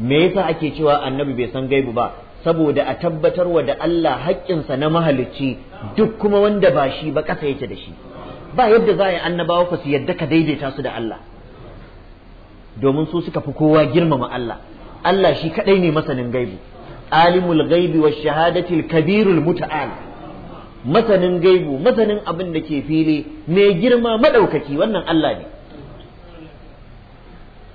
me yasa ake cewa annabi bai san gaibu ba saboda a tabbatarwa da Allah haƙƙinsa na mahalicci duk kuma wanda ba shi ba kasa yake da shi ba yadda za a yi annabawa ku su yadda ka daidaita su da Allah domin su suka fi kowa girmama Allah Allah shi kadai ne masanin gaibi alimul gaibi wa shahadatil kabirul muta'al masanin gaibu masanin abin da ke fili mai girma madaukaki wannan Allah ne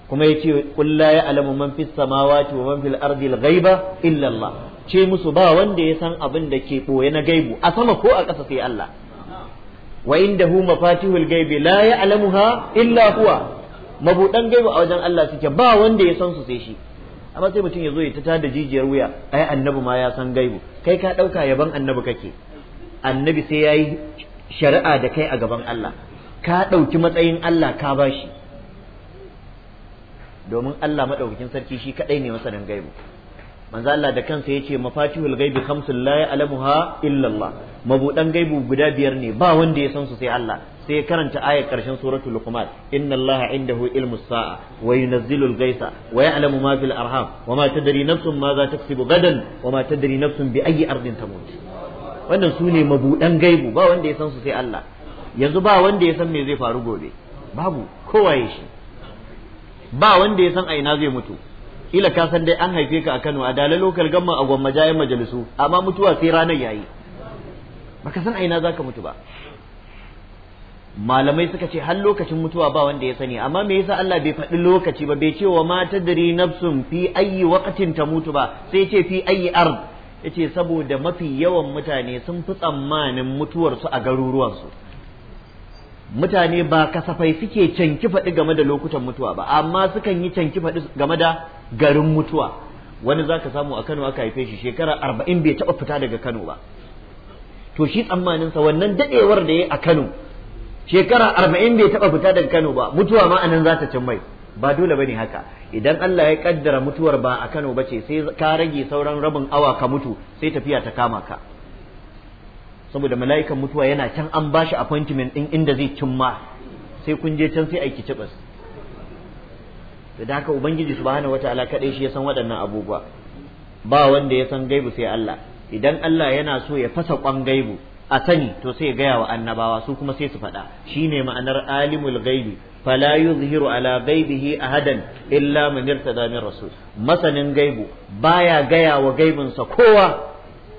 kuma yace qul la ya'lamu man fis samawati wa man fil ardi al ghaiba illa Allah ce musu ba wanda ya san abin da ke boye na gaibu a sama ko a ƙasa sai Allah wa indahu mafatihul gaibi la ya'lamuha illa huwa mabudan gaibi a wajen Allah suke ba wanda ya san su sai shi amma sai mutum ya zo ya ta da jijiyar wuya ai annabi ma ya san gaibu kai ka dauka yaban annabi kake annabi sai yayi shari'a da kai a gaban Allah ka dauki matsayin Allah ka bashi domin Allah madaukakin sarki shi kadai ne masanin gaibu manzo Allah da kansa yace mafatihul ghaibi khamsul la ya'lamuha illa Allah mabudan gaibu guda biyar ne ba wanda ya san su sai Allah sai karanta ayar karshen suratul luqman inna Allah indahu ilmus sa'a wa yunazzilul ghaisa wa ya'lamu ma fil arham wa ma tadri nafsun ma za taksibu gadan wa ma tadri nafsun bi ayyi ardin tamut wannan su ne mabudan gaibu ba wanda ya san su sai Allah yanzu ba wanda ya san me zai faru gobe babu kowa ya shi ba wanda ya san a ina zai mutu kila ka san dai an haife ka a Kano a Dala local gamma a gwamma jaye majalisu amma mutuwa sai ranar yayi baka san aina zaka mutu ba malamai suka ce har lokacin mutuwa ba wanda ya sani amma me yasa Allah bai faɗi lokaci ba bai ce wa ma tadri nafsun fi ayyi waqtin mutu ba sai ce fi ayyi ard yace saboda mafi yawan mutane sun fi tsammanin mutuwarsu a garuruwansu mutane ba kasafai suke canki faɗi game da lokutan mutuwa ba amma sukan yi canki faɗi game da garin mutuwa wani za ka samu a kano aka haife shi shekara arba'in bai taɓa fita daga kano ba to shi tsammaninsa wannan daɗewar da ya a kano shekara arba'in bai taɓa fita daga kano ba mutuwa ma anan za ta cin mai ba dole bane haka idan Allah ya kaddara mutuwar ba a Kano bace sai ka rage sauran rabin awa ka mutu sai tafiya ta kama ka saboda mala'ikan mutuwa yana can an bashi appointment din inda zai cimma sai kun je can sai aiki cibas da haka ubangiji subhanahu wataala kadai shi ya san waɗannan abubuwa ba wanda ya san gaibu sai Allah idan Allah yana so ya fasa kwan gaibu a sani to sai ya gaya wa annabawa su kuma sai su faɗa shine ma'anar alimul gaibi fala yuzhiru ala gaibihi ahadan illa man irtada min rasul masanin gaibu baya gaya wa gaibinsa kowa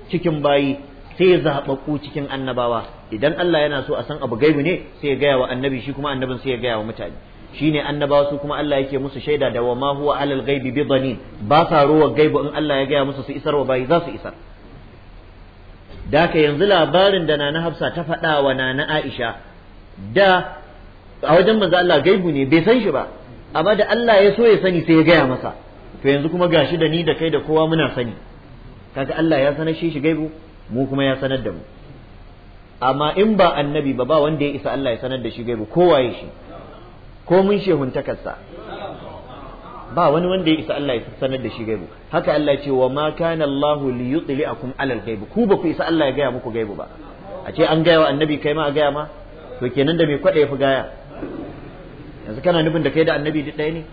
cikin bayi sai zaɓaɓɓu cikin annabawa idan Allah yana so a san abu gaibu ne sai ya gaya wa annabi shi kuma annabin sai ya gaya wa mutane shine annabawa su kuma Allah yake musu shaida da wama huwa alal ghaibi bidanin ba sa ruwa gaibu in Allah ya gaya musu su isar wa bayi za su isar Da ka yanzu labarin da nana Hafsa ta faɗa wa nana Aisha da a wajen manzo Allah gaibu ne bai san shi ba amma da Allah ya so ya sani sai ya gaya masa to yanzu kuma gashi da ni da kai da kowa muna sani kaga Allah ya sanar shi shi gaibu mu kuma ya sanar da mu amma in ba annabi ba ba wanda ya isa Allah ya sanar da shi gaibu ya shi ko mun shehuntakarsa ba wani wanda ya isa Allah ya sanar da shi gaibu haka Allah ya ce wa ma kana Allah li yudli'akum alal gaibu ku ba ku isa Allah ya gaya muku gaibu ba a ce an gaya wa annabi kai ma a gaya ma to kenan da mai kwada ya fi gaya yanzu kana nufin da kai da annabi duk ɗaya ne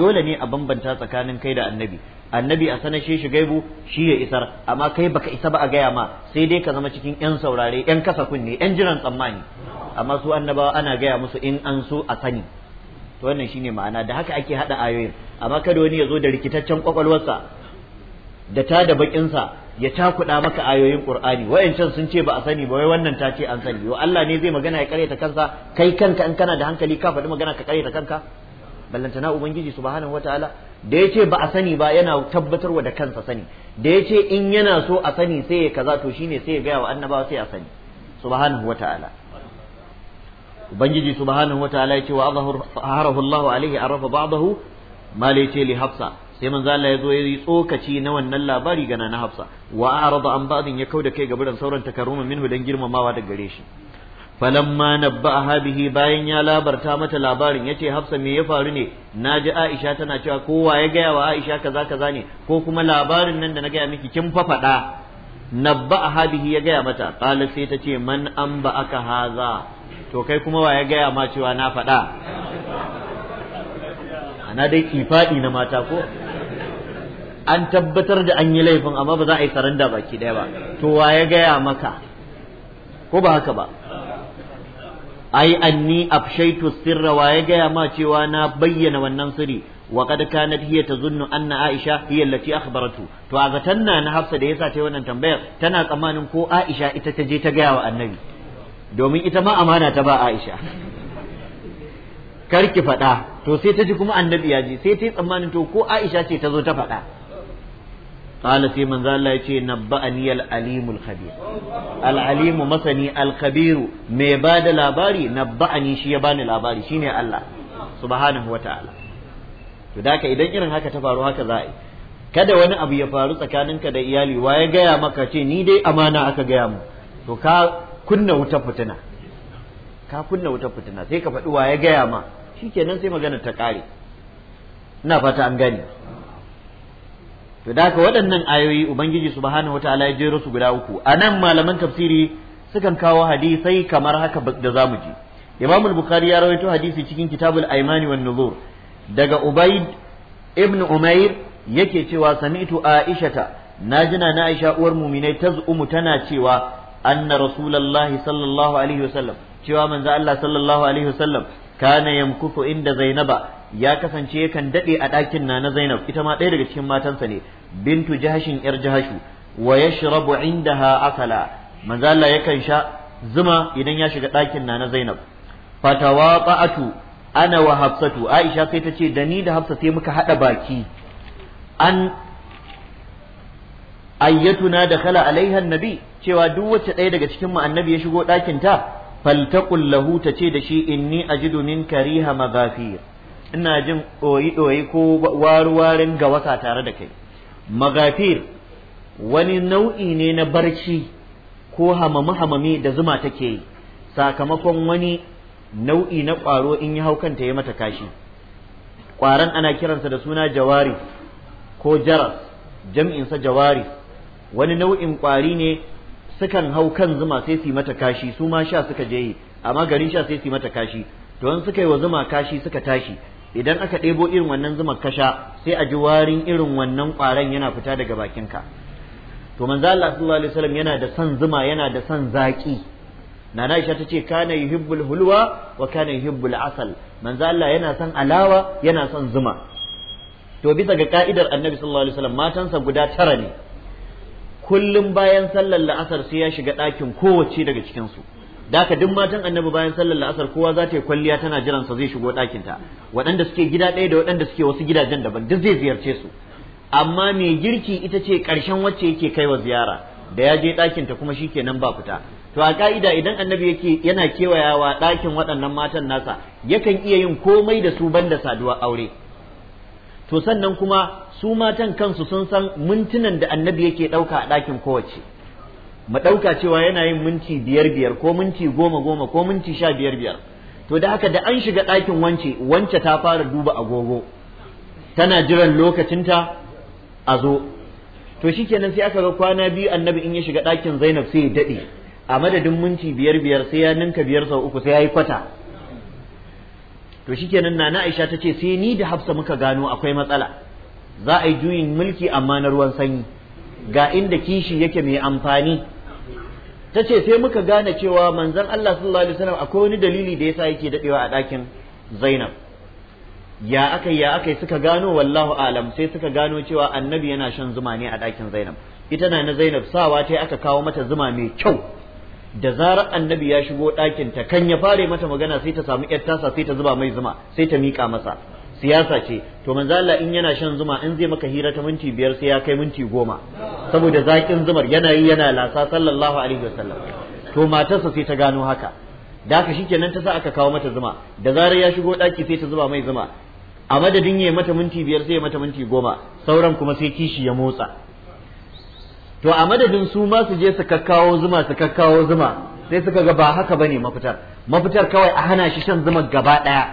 dole ne a bambanta tsakanin kai da annabi annabi a sanashe shi gaibu shi ya isar amma kai baka isa ba a gaya ma sai dai ka zama cikin yan saurare yan kasa kunne yan jiran tsammani amma su annabawa ana gaya musu in an so a sani to wannan shine ma'ana da haka ake hada ayoyin amma kada wani ya zo da rikitaccen kwakwalwarsa da ta da bakinsa ya cakuɗa maka ayoyin Qur'ani wayancan sun ce ba a sani ba wai wannan ta ce an sani wa Allah ne zai magana ya ta kansa kai kanka in kana da hankali ka faɗi magana ka ta kanka ballantana ubangiji subhanahu wataala da ya ce ba a sani ba yana tabbatarwa da kansa sani da ya ce in yana so a sani sai ya kaza to shine sai ya gaya wa annabawa sai a sani subhanahu wa ta'ala ubangiji subhanahu wa ta'ala ya ce wa azharahu Allahu alaihi arafa ba'dahu mali yace li hafsa sai manzo Allah ya zo ya yi tsokaci na wannan labari gana na hafsa wa arada an ba'din ya kauda kai gaburan sauran takarumin minhu dan girmamawa da gare shi falamma nabba'aha bihi bayan ya labarta mata labarin yace Hafsa me ya faru ne naji Aisha tana cewa kowa ya gaya wa Aisha kaza kaza ne ko kuma labarin nan da na gaya miki kin fa faɗa nabba'aha bihi ya gaya mata qala sai ta ce man aka haza to kai kuma wa ya gaya ma cewa na faɗa ana dai kifadi na mata ko an tabbatar da an yi laifin amma ba za a yi saranda baki ɗaya ba to wa ya gaya maka ko ba haka ba ai anni afshaitu sirra wa ya gaya ma cewa na bayyana wannan sirri wa qad kanat hiya tazunnu anna aisha hiya allati akhbaratu to a zatanna na hafsa da yasa ta wannan tambayar tana tsammanin ko aisha ita ta je ta gaya wa annabi domin ita ma amana ta ba aisha karki faɗa to sai ta ji kuma annabi ya ji sai ta yi tsammanin to ko aisha ce ta zo ta faɗa qala sai manzo Allah yace nabba'ani al-alimul khabir al masani al-khabiru mai da labari nabba'ani shi ya bani labari shine Allah subhanahu wata'ala to daka idan irin haka ta faru haka za kada wani abu ya faru tsakaninka da iyali wa ya gaya maka ce ni dai amana aka gaya mu to ka kunna wutar fitina ka kunna wuta fitina sai ka faɗi wa ya gaya ma Shi shikenan sai maganar ta ƙare ina fata an gani. to da haka waɗannan ayoyi ubangiji subhanahu wataala ya jero su guda uku anan malaman tafsiri sukan kawo hadisai kamar haka da zamu ji Imam al-Bukhari ya rawaito hadisi cikin Kitabul Aimani wan Nuzur daga ubaid ibn Umair yake cewa sami'tu Aishata najina na Aisha uwar mu'minai taz'umu tana cewa anna Rasulullahi sallallahu alaihi wasallam cewa manzo Allah sallallahu alaihi wasallam kana yamkufu inda Zainaba ya kasance yakan daɗe a ɗakin na na Zainab ita ma ɗaya daga cikin matansa ne bintu jahashin yar jahashu wa inda ha asala Manzala yakan sha zuma idan ya shiga ɗakin na na Zainab fatawaqa'atu ana wa Hafsatu Aisha sai ta ce da ni da Hafsa sai muka haɗa baki an ayyatuna dakhala alaiha Nabi? cewa duk wacce ɗaya daga cikin mu annabi ya shigo ɗakin ta faltaqul lahu tace da shi inni ajidu min kariha maghafir ina jin ɗoyi-ɗoyi ko waruwarin warin ga wasa tare da kai magafir wani nau'i ne na barci ko hamami-hamami da zuma take yi sakamakon wani nau'i na ƙwaro in yi haukanta ya mata kashi ƙwaron ana kiransa da suna jawari ko jaras jam'insa jawari wani nau'in ƙwari ne sukan hau kan zuma sai su yi mata kashi su ma sha suka je yi amma garin sha sai su yi mata kashi to in suka yi wa zuma kashi suka tashi idan aka ɗebo irin wannan zuma kasha, sai a ji warin irin wannan ƙwaron yana fita daga bakinka to manzo Allah sallallahu alaihi wasallam yana da son zuma yana da son zaki nana Aisha tace kana yuhibbul hulwa wa kana yuhibbul asal manzo Allah yana son alawa yana son zuma to bisa ga ƙa'idar annabi sallallahu alaihi wasallam matansa guda tara ne kullum bayan sallar la'asar sai ya shiga ɗakin kowace daga cikinsu da duk matan annabi bayan sallar la'asar kowa za ta yi kwalliya tana jiran sa zai shigo ɗakin ta waɗanda suke gida ɗaya da waɗanda suke wasu gidajen daban duk zai ziyarce su amma mai girki ita ce ƙarshen wacce yake kai wa ziyara da ya je ɗakin ta kuma shikenan ba fita to a ka'ida idan annabi yake yana kewayawa ɗakin waɗannan matan nasa yakan iya yin komai da su banda saduwa aure to sannan kuma su matan kansu sun san mintunan da annabi yake ɗauka a ɗakin kowace mu ɗauka cewa yana yin minti biyar biyar ko minti goma goma ko minti sha biyar biyar to da haka da an shiga ɗakin wance wance ta fara duba agogo tana jiran lokacinta a zo to shikenan sai aka ga kwana biyu annabi in ya shiga ɗakin zainab sai ya daɗe a madadin minti biyar biyar sai ya ninka biyar sau uku sai ya yi kwata to shikenan nana aisha ta ce sai ni da hafsa muka gano akwai matsala za a yi juyin mulki amma na ruwan sanyi ga inda kishi yake mai amfani ta ce sai muka gane cewa manzan Allah sallallahu alaihi wasallam akwai wani dalili da yasa yake dadewa a ɗakin Zainab ya aka ya aka suka gano wallahu alam sai suka gano cewa annabi yana shan zuma ne a ɗakin Zainab ita na Zainab sawa ta aka kawo mata zuma mai kyau da zarar annabi ya shigo ɗakin ta kan ya fare mata magana sai ta samu yar tasa sai ta zuba mai zuma sai ta miƙa masa siyasa ce to manzo Allah in yana shan zuma in zai maka hira ta minti biyar sai ya kai minti goma saboda zakin zumar yana yi yana lasa sallallahu alaihi wasallam to matarsa sai ta gano haka da haka shikenan ta sa aka kawo mata zuma da zarar ya shigo daki sai ta zuba mai zuma a madadin ya mata minti biyar sai ya mata minti goma sauran kuma sai kishi ya motsa to a madadin su ma su je su kakkawo zuma su kakkawo zuma sai suka ga ba haka bane mafitar mafitar kawai a hana shi shan zuma gaba daya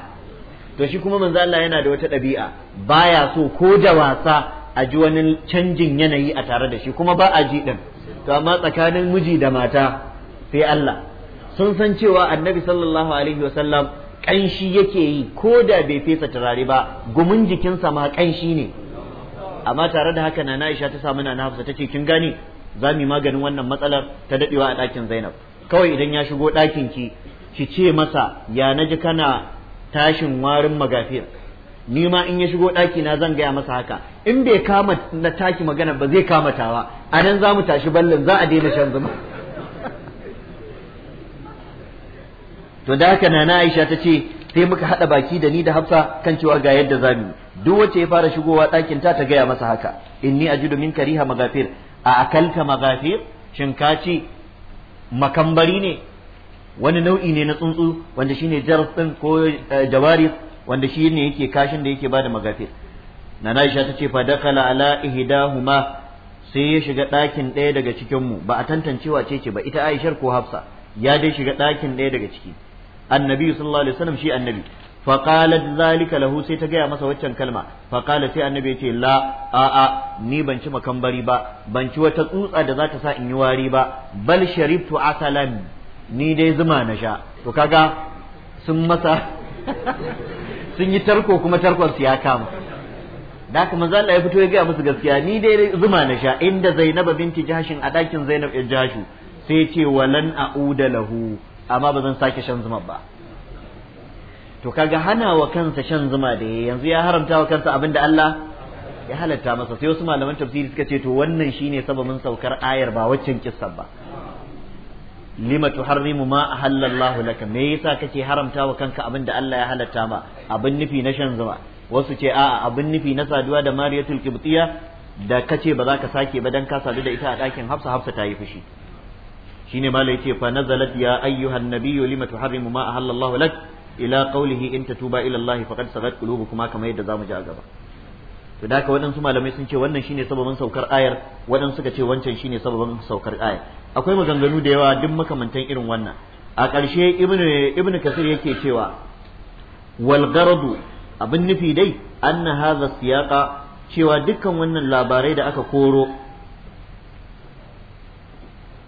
to shi kuma manzo Allah yana da wata ɗabi'a baya so ko da wasa a ji wani canjin yanayi a tare da shi kuma ba a ji din to amma tsakanin miji da mata sai Allah sun san cewa annabi sallallahu alaihi wasallam kanshi yake yi ko da bai fesa turare ba gumin jikinsa ma kanshi ne amma tare da haka na Aisha ta samu na Hafsa tace kin gani za mu maganin wannan matsalar ta dadewa a ɗakin Zainab kawai idan ya shigo ɗakin ki ki ce masa ya naji kana tashin warin magafiya ni ma in ya shigo ɗaki na zan gaya masa haka in bai kama na taki magana ba zai kama tawa a nan za mu tashi ballin za a daina shan zuma to da haka nana Aisha ta ce sai muka haɗa baki da ni da Hafsa kan cewa ga yadda za mu duk wacce ya fara shigowa ɗakin ta ta gaya masa haka inni ajidu min kariha magafir a akalta magafir shin ka ci makambari ne wani nau'i ne na tsuntsu wanda shine jarfin ko eh, jawari wanda shi ne yake kashin da yake bada magafi na Aisha ce fa dakala ala ihdahuma sai ya shiga ɗakin ɗaya daga cikin mu ba a tantancewa ce ce ba ita Aishar ko Hafsa ya dai shiga ɗakin ɗaya daga ciki annabi sallallahu alaihi wasallam shi annabi فقالت zalika lahu sai ta gaya masa waccan kalma qala sai annabi yace la a a ni ban ci makambari ba ban ci wata tsutsa da za ta sa in yi wari ba bal sharibtu asalan ni dai zuma na sha to kaga sun masa sun yi tarko kuma tarkon su ya kama da kuma za a ya fito ya gaya musu gaskiya ni dai zuma na sha inda Zainab binti jashin a dakin Zainab ya jashu sai ya ce walan Uda lahu amma ba zan sake shan zuma ba to kaga hana wa kansa shan zuma da ya yanzu ya haramta wa kansa abin da Allah ya halatta masa sai wasu malaman tafsiri suka ce to wannan shine sababin saukar ayar ba waccan kissan ba lima tuharrimu ma ahallallahu laka me yasa kake haramta wa kanka abin da Allah ya halatta ma abin nufi na shan zuma wasu ce a'a abin nufi na saduwa da mariyatul qibtiyya da kace ba za ka sake ba dan ka sadu da ita a ɗakin hafsa hafsa ta yi fushi shine malai ce fa nazalat ya ayyuhan nabiyyu lima tuharrimu ma ahallallahu lak ila qawlihi in tatuba ila Allah faqad sagat qulubukuma kamar yadda zamu ji a gaba to da haka waɗansu malamai sun ce wannan shine sababin saukar ayar waɗansu suka ce wancan shine sababin saukar ayar akwai maganganu da yawa duk makamantan irin wannan a ƙarshe ibnu ibnu kasir yake cewa wal abin nufi dai anna hadha siyaqa cewa dukkan wannan labarai da aka koro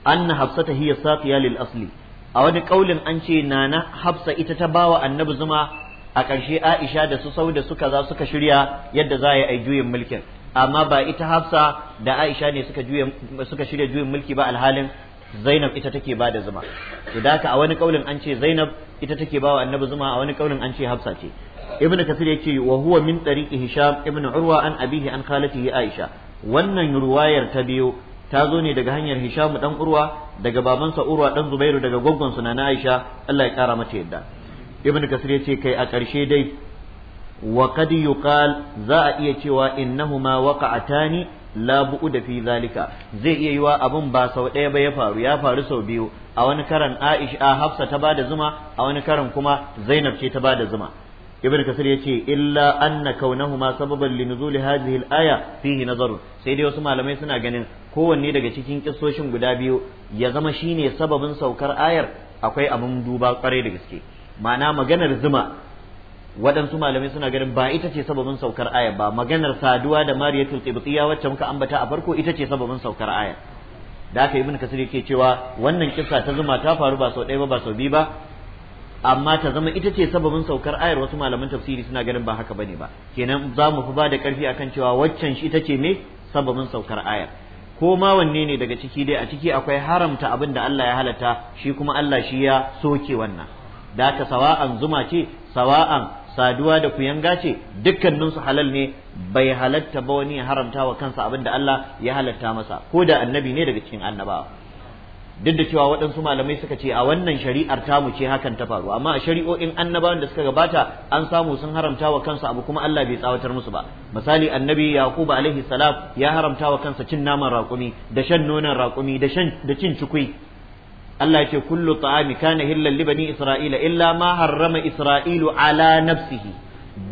anna hafsata hiya saqiya lil asli a wani kaulin an ce nana hafsa ita ta bawa annabi zuma a ƙarshe aisha da su sau da suka za suka shirya yadda za a yi juyin mulkin amma ba ita hafsa da aisha ne suka suka shirya juyin mulki ba alhalin zainab ita take ba da zuma to da haka a wani kaulin an ce zainab ita take ba wa annabi zuma a wani kaulin an ce hafsa ce ibn kasir yake wa huwa min tariqi hisham ibn urwa an abihi an khalatihi aisha wannan ruwayar ta biyo ta zo ne daga hanyar hisham dan urwa daga babansa urwa dan zubairu daga gwaggon na aisha Allah ya kara mata yadda ibn kasir yace kai a ƙarshe dai wa qad yuqal za a iya cewa innahuma waqa'atani la bu'uda fi zalika zai iya yiwa abun ba sau ɗaya ba ya faru ya faru sau biyu a wani karan Aisha Hafsa ta bada zuma a wani karan kuma Zainab ce ta bada zuma ibn kasir yace illa anna kaunahuma sababan li nuzuli hadhihi al-aya fihi nazarun sai dai wasu malamai suna ganin kowanne daga cikin kissoshin guda biyu ya zama shine sababin saukar ayar akwai abin duba kwarai da gaske ma'ana maganar zuma waɗansu malamai suna ganin ba ita ce sababin saukar aya ba maganar saduwa da mariyatul qibtiyya wacce muka ambata a farko ita ce sababin saukar aya da aka yi kasir yake cewa wannan kissa ta zuma ta faru ba sau ɗaya ba ba sau biyu ba amma ta zama ita ce sababin saukar ayar wasu malaman tafsiri suna ganin ba haka bane ba kenan za mu fi ba da ƙarfi akan cewa waccan shi ita ce me sababin saukar ayar ko ma wanne ne daga ciki dai a ciki akwai haramta abin da Allah ya halatta shi kuma Allah shi ya soke wannan da ka sawa'an zuma ce sawa'an saduwa da kuyanga ce dukkaninsu halal ne bai halatta ba wani ya haramta wa kansa abin da Allah ya halatta masa ko da annabi ne daga cikin annabawa duk da cewa waɗansu malamai suka ce a wannan shari'ar tamu ce hakan ta faru amma a shari'o'in annabawan da suka gabata an samu sun haramta wa kansa abu kuma Allah bai tsawatar musu ba misali annabi yaqub alaihi salam ya haramta wa kansa cin naman raƙumi da shan nonon raƙumi da shan da cin cikui Allah ya ce kullu ta'ami kana hillal li bani isra'ila illa ma harrama isra'ilu ala nafsihi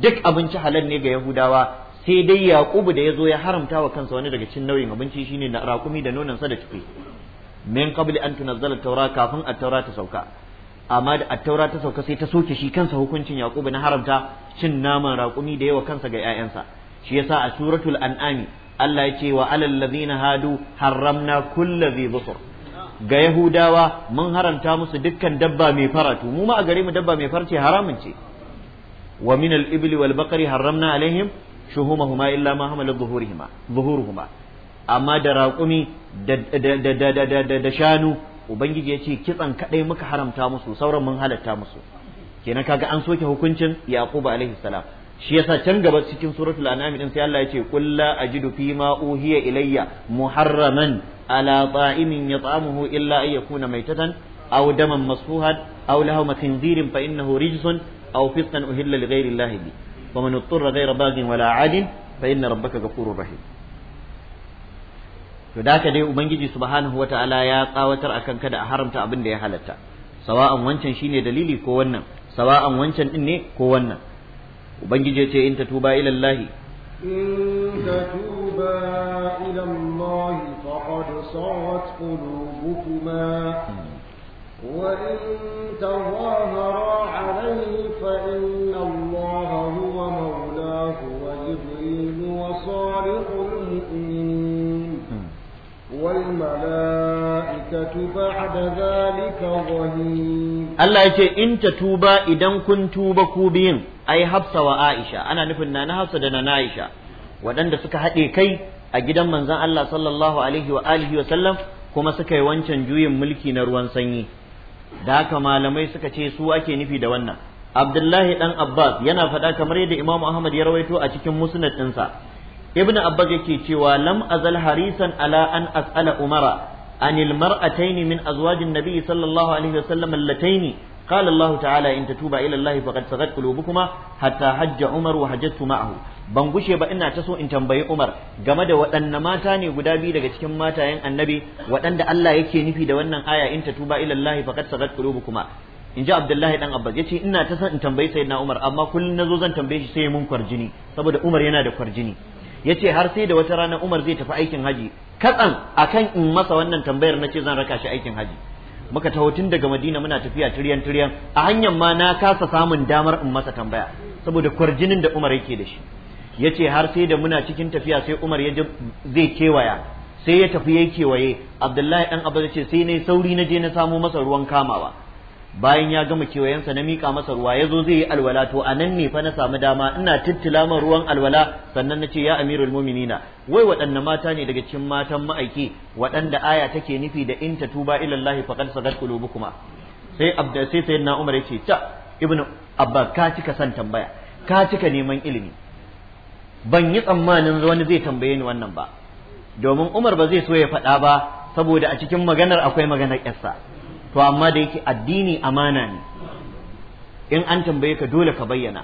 duk abinci halal ne ga yahudawa sai dai yaqubu da yazo ya haramta wa kansa wani daga cikin nauyin abinci shine na rakumi da nonon sa da ciki min qabli an tunazzala at-taura kafin at-taura ta sauka amma da at-taura ta sauka sai ta soke shi kansa hukuncin yaqubu na haramta cin naman rakumi da yawa kansa ga 'ya'yansa shi yasa a suratul an'ami Allah ya ce wa alal ladina hadu harramna kulla dhi busur ga yahudawa mun haramta musu dukkan dabba mai faratu mu ma a gare mu dabba mai farce haramun ce wa min al-ibli wal baqari haramna alaihim shuhumahuma illa ma hamala dhuhurihima dhuhuruhuma amma da raƙumi da shanu ubangiji ya ce kitsan kadai muka haramta musu sauran mun halatta musu kenan kaga an soke hukuncin yaquba alaihi salam shi yasa can gaba cikin suratul an'ami din sai Allah ya ce qul la ajidu fi ma uhiya ilayya muharraman ala ta'imin yat'amuhu illa ay yakuna maytatan aw daman masfuhan aw lahum khinzirin fa innahu rijsun aw fisqan uhilla li ghayri Allah bi wa man ittara baghin wala 'adin fa inna rabbaka ghafurur rahim to da dai ubangiji subhanahu wataala ya tsawatar akan kada a haramta abin da ya halatta sawa'an wancan shine dalili ko wannan sawa'an wancan din ne ko wannan ubangiji ce in ta tuba ilallahi in tuba ilallahi faqad sawat Allah ya ce, In ta tuba idan kun tuba ku biyun. ai hafsa wa aisha ana nufin na na hafsa da na aisha waɗanda suka haɗe kai a gidan manzon Allah sallallahu alaihi wa alihi wa sallam kuma suka yi wancan juyin mulki na ruwan sanyi da haka malamai suka ce su ake nufi da wannan Abdullahi dan Abbas yana faɗa kamar yadda Imam Ahmad ya rawaito a cikin musnad ɗinsa Ibn Abbas yake cewa lam azal harisan ala an as'ala umara anil mar'ataini min azwajin nabi sallallahu alaihi wa sallam allataini قال الله تعالى إن تتوبا إلى الله فقد سغت قلوبكما حتى حج عمر وحجت معه ban gushe ba ina ta so in tambayi Umar game da waɗanne mata ne guda biyu daga cikin mata matayen annabi waɗanda Allah yake nufi da wannan aya in ta tuba Allah faqad sagat qulubukuma in ji Abdullahi dan Abbas yace ina ta son in tambayi sayyidina Umar amma kullun nazo zan tambaye shi sai mun kwarjini saboda Umar yana da kwarjini ce har sai da wata rana Umar zai tafi aikin hajji. katsan akan in masa wannan tambayar nace zan raka shi aikin haji muka taho tun daga madina muna tafiya tiryan tiryan a hanyar ma na kasa samun damar in masa tambaya saboda kwarjinin da umar yake da shi ce har sai da muna cikin tafiya sai umar ya zai kewaya sai ya tafi ya kewaye abdullahi dan abu ce sai yi sauri na je na samo masa ruwan kamawa bayan ya gama kewayensa na mika masa ruwa ya zo zai yi alwala to a nan ne fa na samu dama ina tittila man ruwan alwala sannan na ce ya amirul muminina wai waɗanne mata ne daga cikin matan ma'aiki waɗanda aya take nufi da inta tuba ila Allah faqad sagat qulubukuma sai abda sai na Umar yace, ta ibnu abba ka cika san tambaya ka cika neman ilimi ban yi tsammanin wani zai tambaye ni wannan ba domin Umar ba zai so ya faɗa ba saboda a cikin maganar akwai maganar 'yarsa. to amma da yake addini amana ne in an tambaye ka dole ka bayyana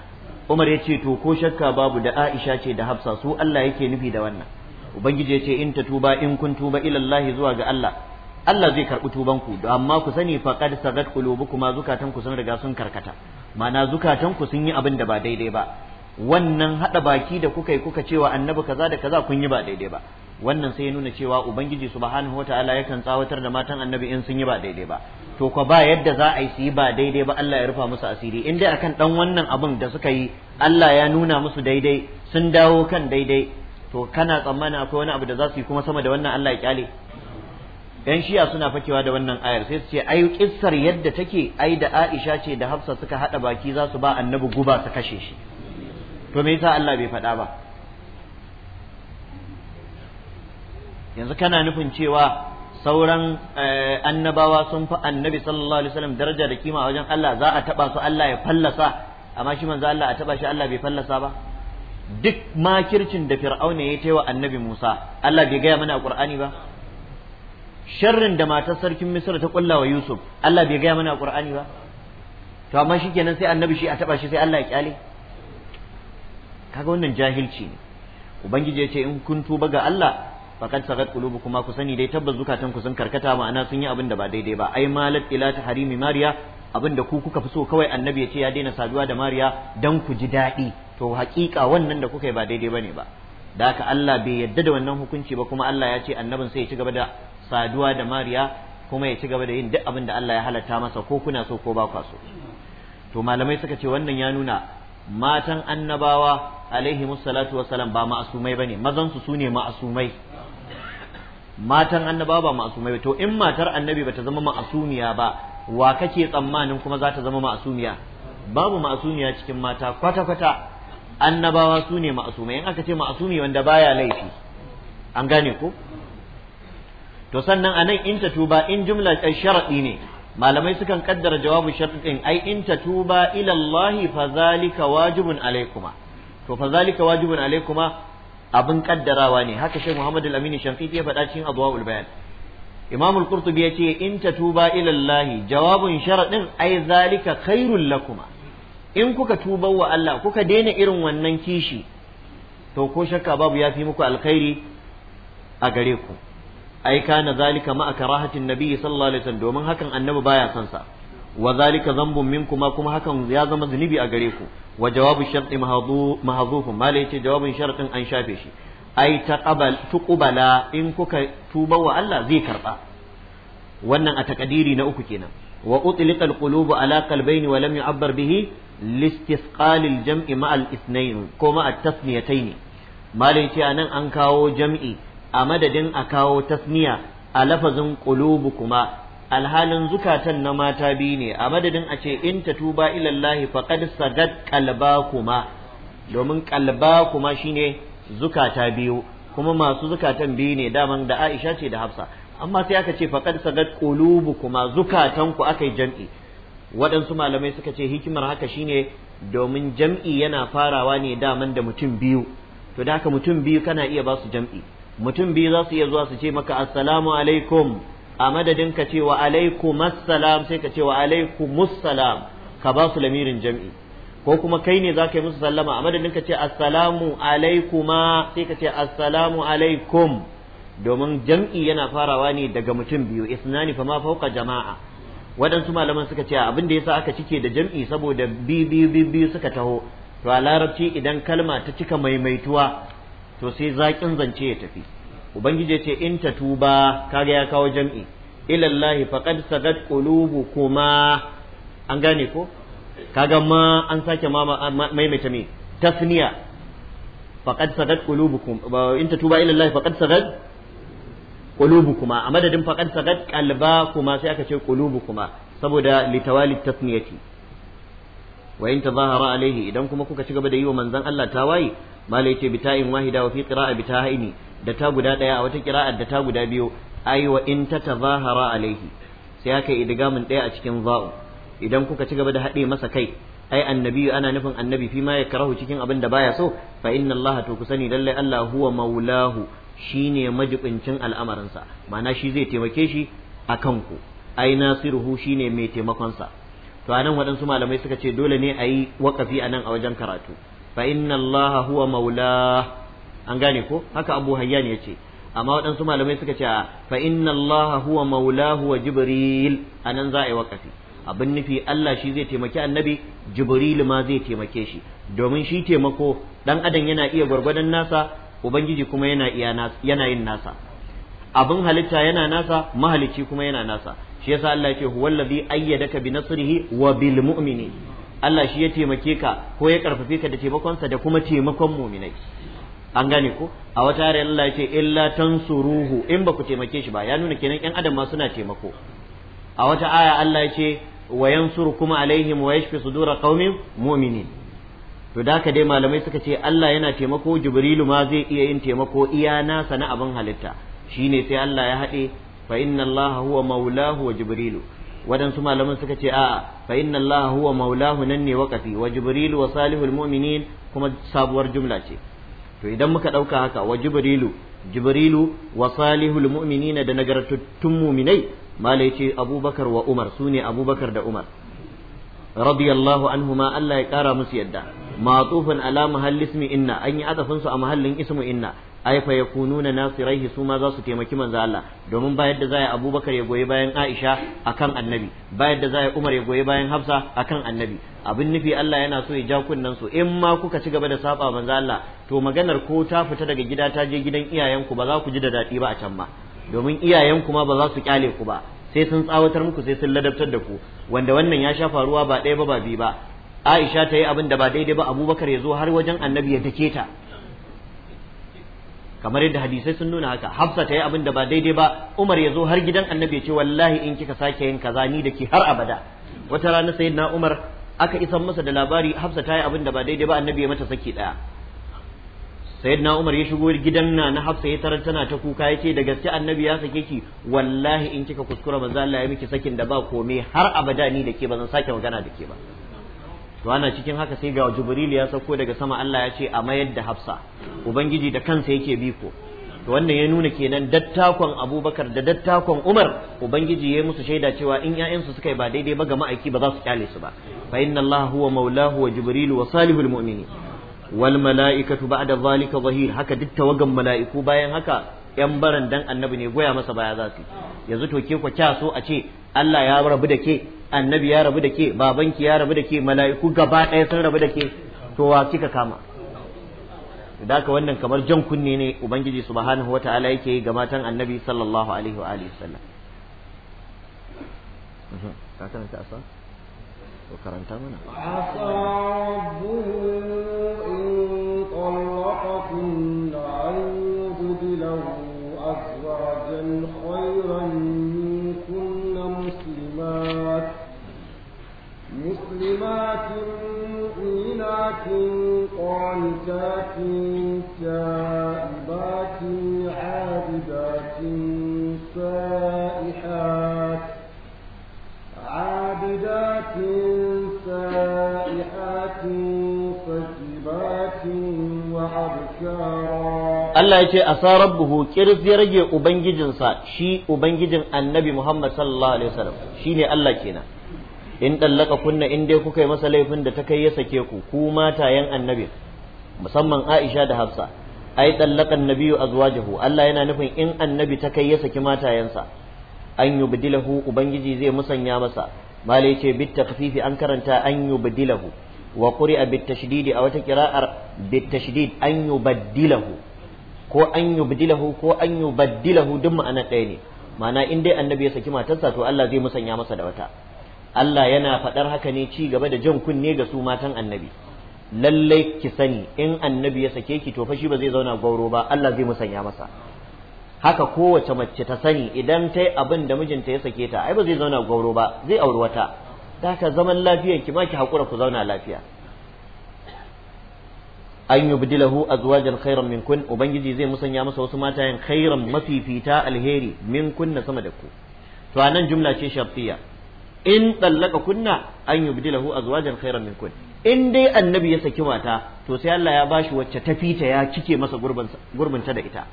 Umar ya ce to ko shakka babu da Aisha ce da Hafsa su Allah yake nufi da wannan Ubangiji ya ce in ta tuba in kun tuba ilallahi zuwa ga Allah Allah zai karɓi tubanku amma ku sani faqad sagat qulubukuma zukatan ku sun riga sun karkata ma'ana zukatanku ku sun yi abin da ba daidai ba wannan hada baki da kuka yi kuka cewa annabi kaza da kaza kun yi ba daidai ba wannan sai ya nuna cewa ubangiji subhanahu wataala yakan tsawatar da matan annabi in sun yi ba daidai ba to ko ba yadda za a yi su yi ba daidai ba Allah ya rufa musu asiri in dai akan dan wannan abun da suka yi Allah ya nuna musu daidai sun dawo kan daidai to kana tsammana akwai wani abu da za su yi kuma sama da wannan Allah ya kyale yan shiya suna fakewa da wannan ayar sai su ce ai kissar yadda take ai da Aisha ce da Hafsa suka hada baki za su ba annabi guba su kashe shi to me yasa Allah bai faɗa ba yanzu kana nufin cewa sauran eh, annabawa sun fi annabi sallallahu alaihi wasallam daraja da kima a wajen Allah za a taba su Allah ya fallasa amma shi manzo Allah a taba shi Allah bai fallasa ba duk makircin da fir'auna ya taiwa annabi Musa Allah bai gaya mana a Qur'ani ba sharrin da matar sarkin Misr ta kulla wa Yusuf Allah bai gaya mana a Qur'ani ba to amma shikenan sai annabi shi a taba shi sai Allah ya kyale kaga wannan jahilci ne ubangiji ya ce in kun tuba ga Allah faqad sagat kuma ku sani dai tabbas zukatan ku sun karkata ma'ana sun yi abin da ba daidai ba ai malat ila tahrimi mariya abin da ku kuka fi so kawai annabi ya ce ya daina saduwa da mariya dan ku ji daɗi to haƙiƙa wannan da kuka yi ba daidai bane ba da haka Allah bai yadda da wannan hukunci ba kuma Allah ya ce annabin sai ya ci gaba da saduwa da mariya kuma ya ci gaba da yin duk abin da Allah ya halatta masa ko kuna so ko ba kwa so to malamai suka ce wannan ya nuna matan annabawa alaihi musallatu wasalam ba ma'asumai bane mazan su sune ma'asumai matan annaba ba ma'asumai to in matar annabi bata zama ma'asumiya ba wa kake tsammanin kuma za ta zama ma'asumiya babu ma'asumiya cikin mata kwata kwata annabawa su ne ma'asumai in aka ce ma'asumi wanda baya laifi an gane ko to sannan anan in ta tuba in jumla sharadi ne malamai sukan kaddara jawabu sharadin ai in ta tuba ila Allah fa zalika wajibun alaikuma to fa zalika wajibun alaikuma abin kaddarawa ne haka shi Muhammad al-Amin Shafi'i ya faɗa cikin abwaul Bayan Imam al-Qurtubi ce in ta ila Allah jawabun sharadin ai zalika khairul lakuma in kuka tuba wa Allah kuka daina irin wannan kishi to ko shakka babu yafi muku alkhairi a gare ku ai kana zalika ma'a karahatin nabi sallallahu alaihi wasallam domin hakan annabi baya son sa wa zalika zambun minkuma kuma hakan ya zama zunubi a gare ku wa jawabu sharti mahzufun mala ce jawabin shartin an shafe shi ai taqabal tuqbala in kuka tuba wa Allah zai karba wannan a takadiri na uku kenan wa utliqa alqulubu ala qalbayn wa lam yu'abbar bihi listisqal aljam'i ma al-ithnayn kuma at-tasniyatayn mala ce anan an kawo jam'i a madadin a kawo tasniya a lafazin qulubu kuma alhalin zukatan na mata biyu ne a madadin a ce in ta tuba ilallahi faqad sagat kalba kuma domin kalba kuma shine zukata biyu kuma masu zukatan biyu ne daman da Aisha ce da Hafsa amma sai aka ce faqad sagat kulubu kuma zukatan ku akai jam'i waɗansu malamai suka ce hikimar haka shine domin jam'i yana farawa ne daman da mutum biyu to da haka mutum biyu kana iya ba su jam'i mutum biyu za su iya zuwa su ce maka assalamu alaikum a madadin ka ce wa alaikum sai ka ce wa alaikum ka ba su lamirin jam'i ko kuma kai ne za ka yi musu sallama a madadin ka ce assalamu alaikuma sai ka ce assalamu alaikum domin jam'i yana farawa ne daga mutum biyu isnani fa ma fauka jama'a waɗansu malaman suka ce abin da yasa aka cike da jam'i saboda biyu biyu suka taho to a larabci idan kalma ta cika maimaituwa to sai zaƙin zance ya tafi ubangiji ce in tuba kaga ya kawo jam'i ilallahi faqad sagat kuma an gane ko kaga ma an sake ma maimaita me tasniya faqad sagat qulubukum in tuba ilallahi faqad sagat qulubukuma a madadin faqad sagat kuma sai aka ce qulubukuma saboda litawali tasniyati wa in tazahara alaihi idan kuma kuka ci gaba da yi wa manzon Allah tawayi malai ce bita'in wahida wa fi qira'a bita'ini da ta guda ɗaya a wata kira'ar da ta guda biyu ai wa in ta tazahara alaihi sai aka yi idgamin ɗaya a cikin za'u idan kuka ci gaba da haɗe masa kai ai annabi ana nufin annabi fi ma yakrahu cikin abin da baya so fa inna allaha to kusani sani lalle allah huwa maulahu shine majibincin al'amarinsa ma'ana shi zai taimake shi a kanku ai nasiruhu shine mai taimakonsa to anan waɗansu malamai suka ce dole ne a yi waƙafi a a wajen karatu fa inna allaha huwa maulahu an gane ko haka abu hayyan ya ce amma waɗansu malamai suka ce fa inna allaha huwa maulahu wa jibril anan za a yi wakafi abin nufi Allah shi zai taimaki annabi jibril ma zai taimake shi domin shi taimako dan adam yana iya gwargwadon nasa ubangiji kuma yana yin nasa abin halitta yana nasa mahalicci kuma yana nasa shi yasa Allah ce huwa huwallazi ayyadaka bi nasrihi wa bil mu'minin Allah shi ya taimake ka ko ya karfafe ka da taimakonsa da kuma taimakon mu'minai an gane ko a wata yare Allah ya ce illa tansuruhu in ba ku taimake shi ba ya nuna kenan yan adam ma suna taimako a wata aya Allah ya ce wa kuma alaihim wa yashfi sudura qaumin mu'minin to da ka dai malamai suka ce Allah yana taimako Jibrilu ma zai iya yin taimako iya nasa na abin halitta shine sai Allah ya haɗe fa inna Allah huwa maulahu wa Jibrilu waɗansu malaman suka ce a'a fa inna Allah huwa maulahu nan ne wakafi wa Jibrilu wa salihul mu'minin kuma sabuwar jumla ce to idan muka ɗauka haka wa jibrilu jibrilu wa salihul mu'minina da nagartattun muminai malai abubakar wa umar su ne abubakar da umar radiyallahu anhuma Allah ya ƙara musu yadda matsufin ala mahalli ismi inna an yi a mahallin ismu inna ai fa yakununa nasiraihi su ma za su taimaki manzo Allah domin ba yadda za a Abubakar ya goyi bayan Aisha akan Annabi ba yadda za Umar ya goyi bayan Hafsa akan Annabi abin nufi Allah yana so ya ja kunnan su in ma kuka ci gaba da saba manzo Allah to maganar ko ta fita daga gida ta je gidan iyayenku ba za ku ji da dadi ba a can ba domin iyayenku ma ba za su kyale ku ba sai sun tsawatar muku sai sun ladabtar da ku wanda wannan ya sha faruwa ba ɗaya ba ba biyu ba Aisha ta yi abin da ba daidai ba Abubakar ya zo har wajen Annabi ya take ta kamar yadda hadisai sun nuna haka hafsa ta yi abin da ba daidai ba umar ya zo har gidan annabi ya ce wallahi in kika sake yin kaza ni da ke har abada wata rana na umar aka isan masa da labari hafsa ta yi abin da ba daidai ba annabi ya mata saki daya sayyidina umar ya shigo gidan na na hafsa ya tarar tana ta kuka ya ce da gaske annabi ya sake ki wallahi in kika kuskura manzo Allah ya miki sakin da ba komai har abada ni da ke ba zan sake magana da ke ba to ana cikin haka sai ga jibril ya sauko daga sama Allah ya ce a mayar da hafsa ubangiji da kansa yake biko to wannan ya nuna kenan dattakon abubakar da dattakon umar ubangiji ya yi musu shaida cewa in ƴaƴansu suka yi ba daidai ba ga ma'aiki ba za su kyale su ba fa inna allah huwa maulahu wa jibril wa salihul mu'minin wal mala'ikatu ba'da zalika zahir haka duk tawagan mala'iku bayan haka yan baran dan annabi ne goya masa baya za su yanzu to ke ku kya so a ce Allah ya rabu da ke annabi ya rabu da ke babanki ya rabu da ke mala'iku gaba ɗaya sun rabu da ke to wa kika kama da ka wannan kamar jan kunne ne ubangiji subhanahu wataala yake yi ga matan annabi sallallahu alaihi wa alihi sallam mhm. ka karanta asa ko karanta mana مؤمنات قانتات تائبات عابدات سائحات عابدات سائحات طيبات وأبكارا Allah ya ce asa rabbuhu kiris ya rage ubangijinsa shi ubangijin annabi Muhammad sallallahu alaihi wasallam ne Allah kenan in dallaka kunna in dai kuka yi masa laifin da ta kai ya sake ku ku mata yan annabi musamman Aisha da Hafsa ai dallakan zuwa azwajahu Allah yana nufin in annabi ta kai ya saki matayensa an yubdilahu ubangiji zai musanya masa malai ce bit an karanta an yubdilahu wa quri'a bit tashdidi a wata qira'ar bit tashdid an yubdilahu ko an yubdilahu ko an yubdilahu duk ma'ana ɗaya ne ma'ana in dai annabi ya saki matarsa to Allah zai musanya masa da wata Allah yana faɗar haka ne ci gaba da jan kunne ga su matan annabi lallai ki sani in annabi ya sake ki to fa shi ba zai zauna gauro ba Allah zai musanya masa haka kowace mace ta sani idan ta yi abin da mijinta ya sake ta ai ba zai zauna gauro ba zai auri wata da ka zaman lafiyar ki ma ki haƙura ku zauna lafiya an yubdilahu azwajan khairan min kun ubangiji zai musanya masa wasu matayen khairan mafifita alheri min kunna sama da ku to anan jumla ce shartiyya in tsallaka kunna an yi bidila hu azwajan khairan min kun in dai annabi ya saki mata to sai Allah ya bashi wacce ta fita ya cike masa gurbinta da ita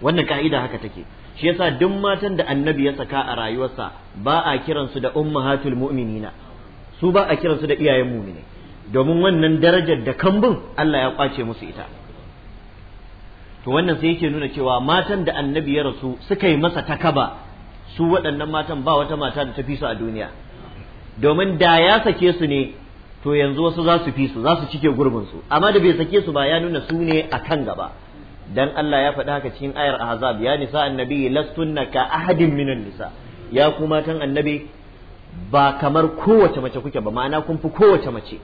wannan ka'ida haka take shi yasa duk matan da annabi ya saka a rayuwarsa ba a kiransu da ummahatul mu'minina su ba a kiransu da iyayen mu'mini domin wannan darajar da kambun Allah ya kwace musu ita to wannan sai yake nuna cewa matan da annabi ya rasu suka yi masa takaba su waɗannan matan ba wata mata da ta fi su a duniya domin da ya sake su ne to yanzu wasu za su fi su za su cike gurbin su amma da bai sake su ba ya nuna su ne a kan gaba dan Allah ya faɗa haka cikin ayar Ahzab ya nisa annabi lastunna ka ahadin minan nisa ya ku matan annabi ba kamar kowace mace kuke ba ma'ana kun fi kowace mace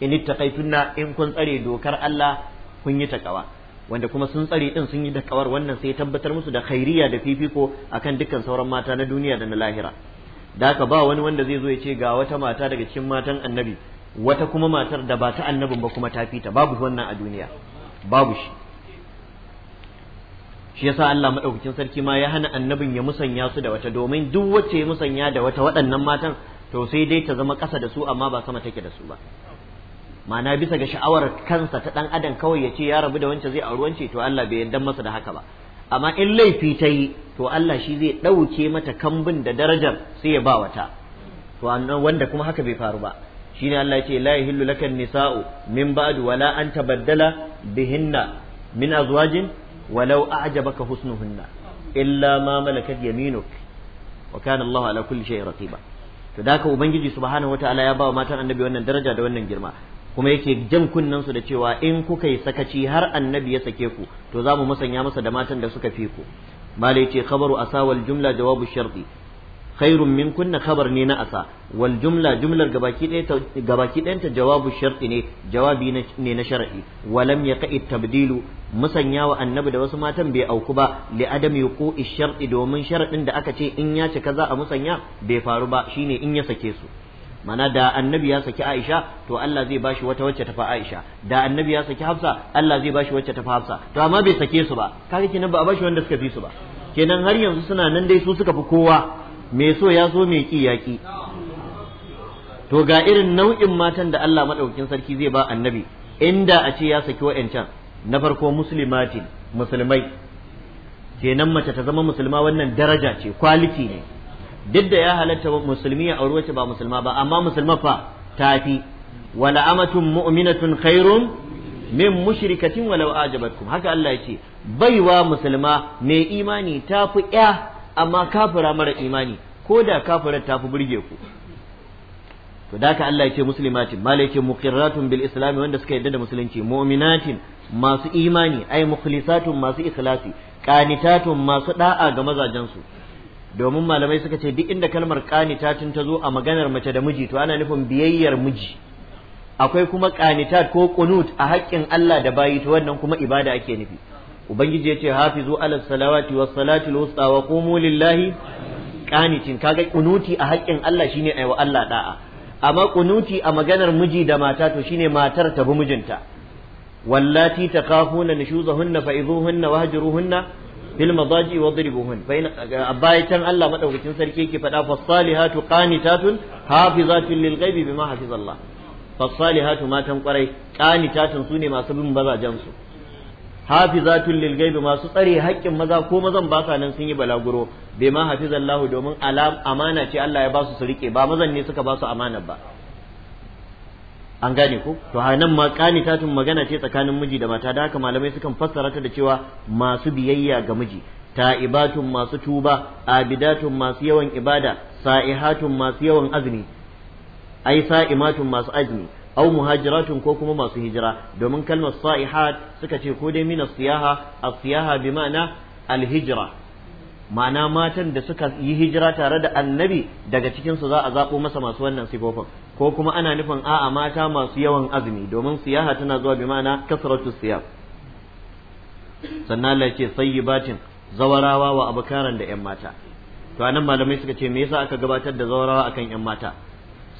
in ittaqaytunna in kun tsare dokar Allah kun yi takawa wanda kuma sun tsare din sun yi da kawar wannan sai tabbatar musu da khairiya da fifiko akan dukkan sauran mata na duniya da na lahira da haka ba wani wanda zai zo ya ce ga wata mata daga cikin matan annabi wata kuma matar da ba ta annabin ba kuma ta fita babu wannan a duniya babu shi shi yasa Allah madaukakin sarki ma ya hana annabin ya musanya su da wata domin duk wacce ya musanya da wata waɗannan matan to sai dai ta zama ƙasa da su amma ba sama take da su ba ma'ana bisa ga sha'awar kansa ta dan adam kawai ya ce ya rabu da wance zai auri wance to Allah bai yarda masa da haka ba amma in laifi ta yi to Allah shi zai ɗauke mata kambin da darajar sai ya ba wata to wanda kuma haka bai faru ba shine Allah ya ce la yahillu lakan nisa'u min ba'du wala an tabaddala bihinna min azwajin walau a'jabaka husnuhunna illa ma malakat yaminuk wa kana Allah ala kulli shay'in raqiba to da ka ubangiji subhanahu wataala ya ba wa matan annabi wannan daraja da wannan girma kuma yake jan kunnen su da cewa in kuka yi sakaci har annabi ya sake ku to za mu musanya masa da matan da suka fi ku malai ce khabaru wal jumla jawabu sharti khairun min kunna khabar ne na asa wal jumla jumlar gabaki ta jawabu sharti ne jawabi ne na shar'i walam ya tabdilu musanya wa annabi da wasu matan bai auku ba li adam yuqi sharti domin sharadin da aka ce in ya cika za a musanya bai faru ba shine in ya sake su mana da annabi ya saki Aisha to Allah zai bashi wata wacce tafi Aisha da annabi ya saki Hafsa Allah zai bashi wacce tafi Hafsa to amma bai sake su ba kage kenan ba a bashi wanda suka fi su ba kenan har yanzu suna nan dai su suka fi kowa me so ya zo me ki ya ki to ga irin nau'in matan da Allah madaukakin sarki zai ba annabi inda a ce ya saki wa'ancan na farko muslimatin musulmai kenan mace ta zama musulma wannan daraja ce kwaliti ne duk da ya halatta musulmi ya auri wacce ba musulma ba amma musulma fa tafi wala amatun mu'minatun khairum min mushrikatin walau ajabatkum haka Allah yake baiwa musulma mai imani tafi ya amma kafira mara imani ko da kafirar tafi burge ku to da haka Allah yake muslimatin mala muqirratun bil islam wanda suka yarda da musulunci mu'minatin masu imani ai mukhlisatun masu ikhlasi qanitatun masu da'a ga mazajensu domin malamai suka ce duk inda kalmar tun ta zo a maganar mace da miji to ana nufin biyayyar miji akwai kuma qanitat ko kunut a haƙƙin Allah da bayi to wannan kuma ibada ake nufi ubangiji ya ce hafizu ala salawati was salati wusta wa qumu lillahi qanitin kaga ƙunuti a haƙƙin Allah shine aiwa Allah da'a amma ƙunuti a maganar miji da mata to shine matar ta bi mijinta wallati takafuna nushuzahunna fa idhuhunna wahjuruhunna fil mazaji wadribuhun a in tan Allah madaukakin sarki yake faɗa salihatu qanitatun hafizatun lil ghaibi bima hafizallah salihatu matan kwarai qanitatun sune masu bin mazajen su hafizatun lil ghaibi masu tsare haƙƙin maza ko mazan ba sa nan sun yi balaguro bima Allah domin alam amana ce Allah ya ba su su rike ba mazan ne suka ba su amana ba an gane ko to hanan ma qanitatun magana ce tsakanin miji da mata da haka malamai sukan fassara ta da cewa masu biyayya ga miji ta'ibatun masu tuba abidatun masu yawan ibada sa'ihatun masu yawan azumi ai sa'imatun masu azumi aw muhajiratun ko kuma masu hijira domin kalmar sa'ihat suka ce ko dai mina siyaha as-siyaha bi ma'ana al-hijra ma'ana matan da suka yi hijira tare da annabi daga cikin su za a zabo masa masu wannan sifofin ko kuma ana nufin a'a mata masu yawan azumi domin siyaha tana zuwa bi ma'ana kasratu siyam sannan Allah sayyibatin zawarawa wa abakaran da yan mata to anan malamai suka ce me yasa aka gabatar da zawarawa akan yan mata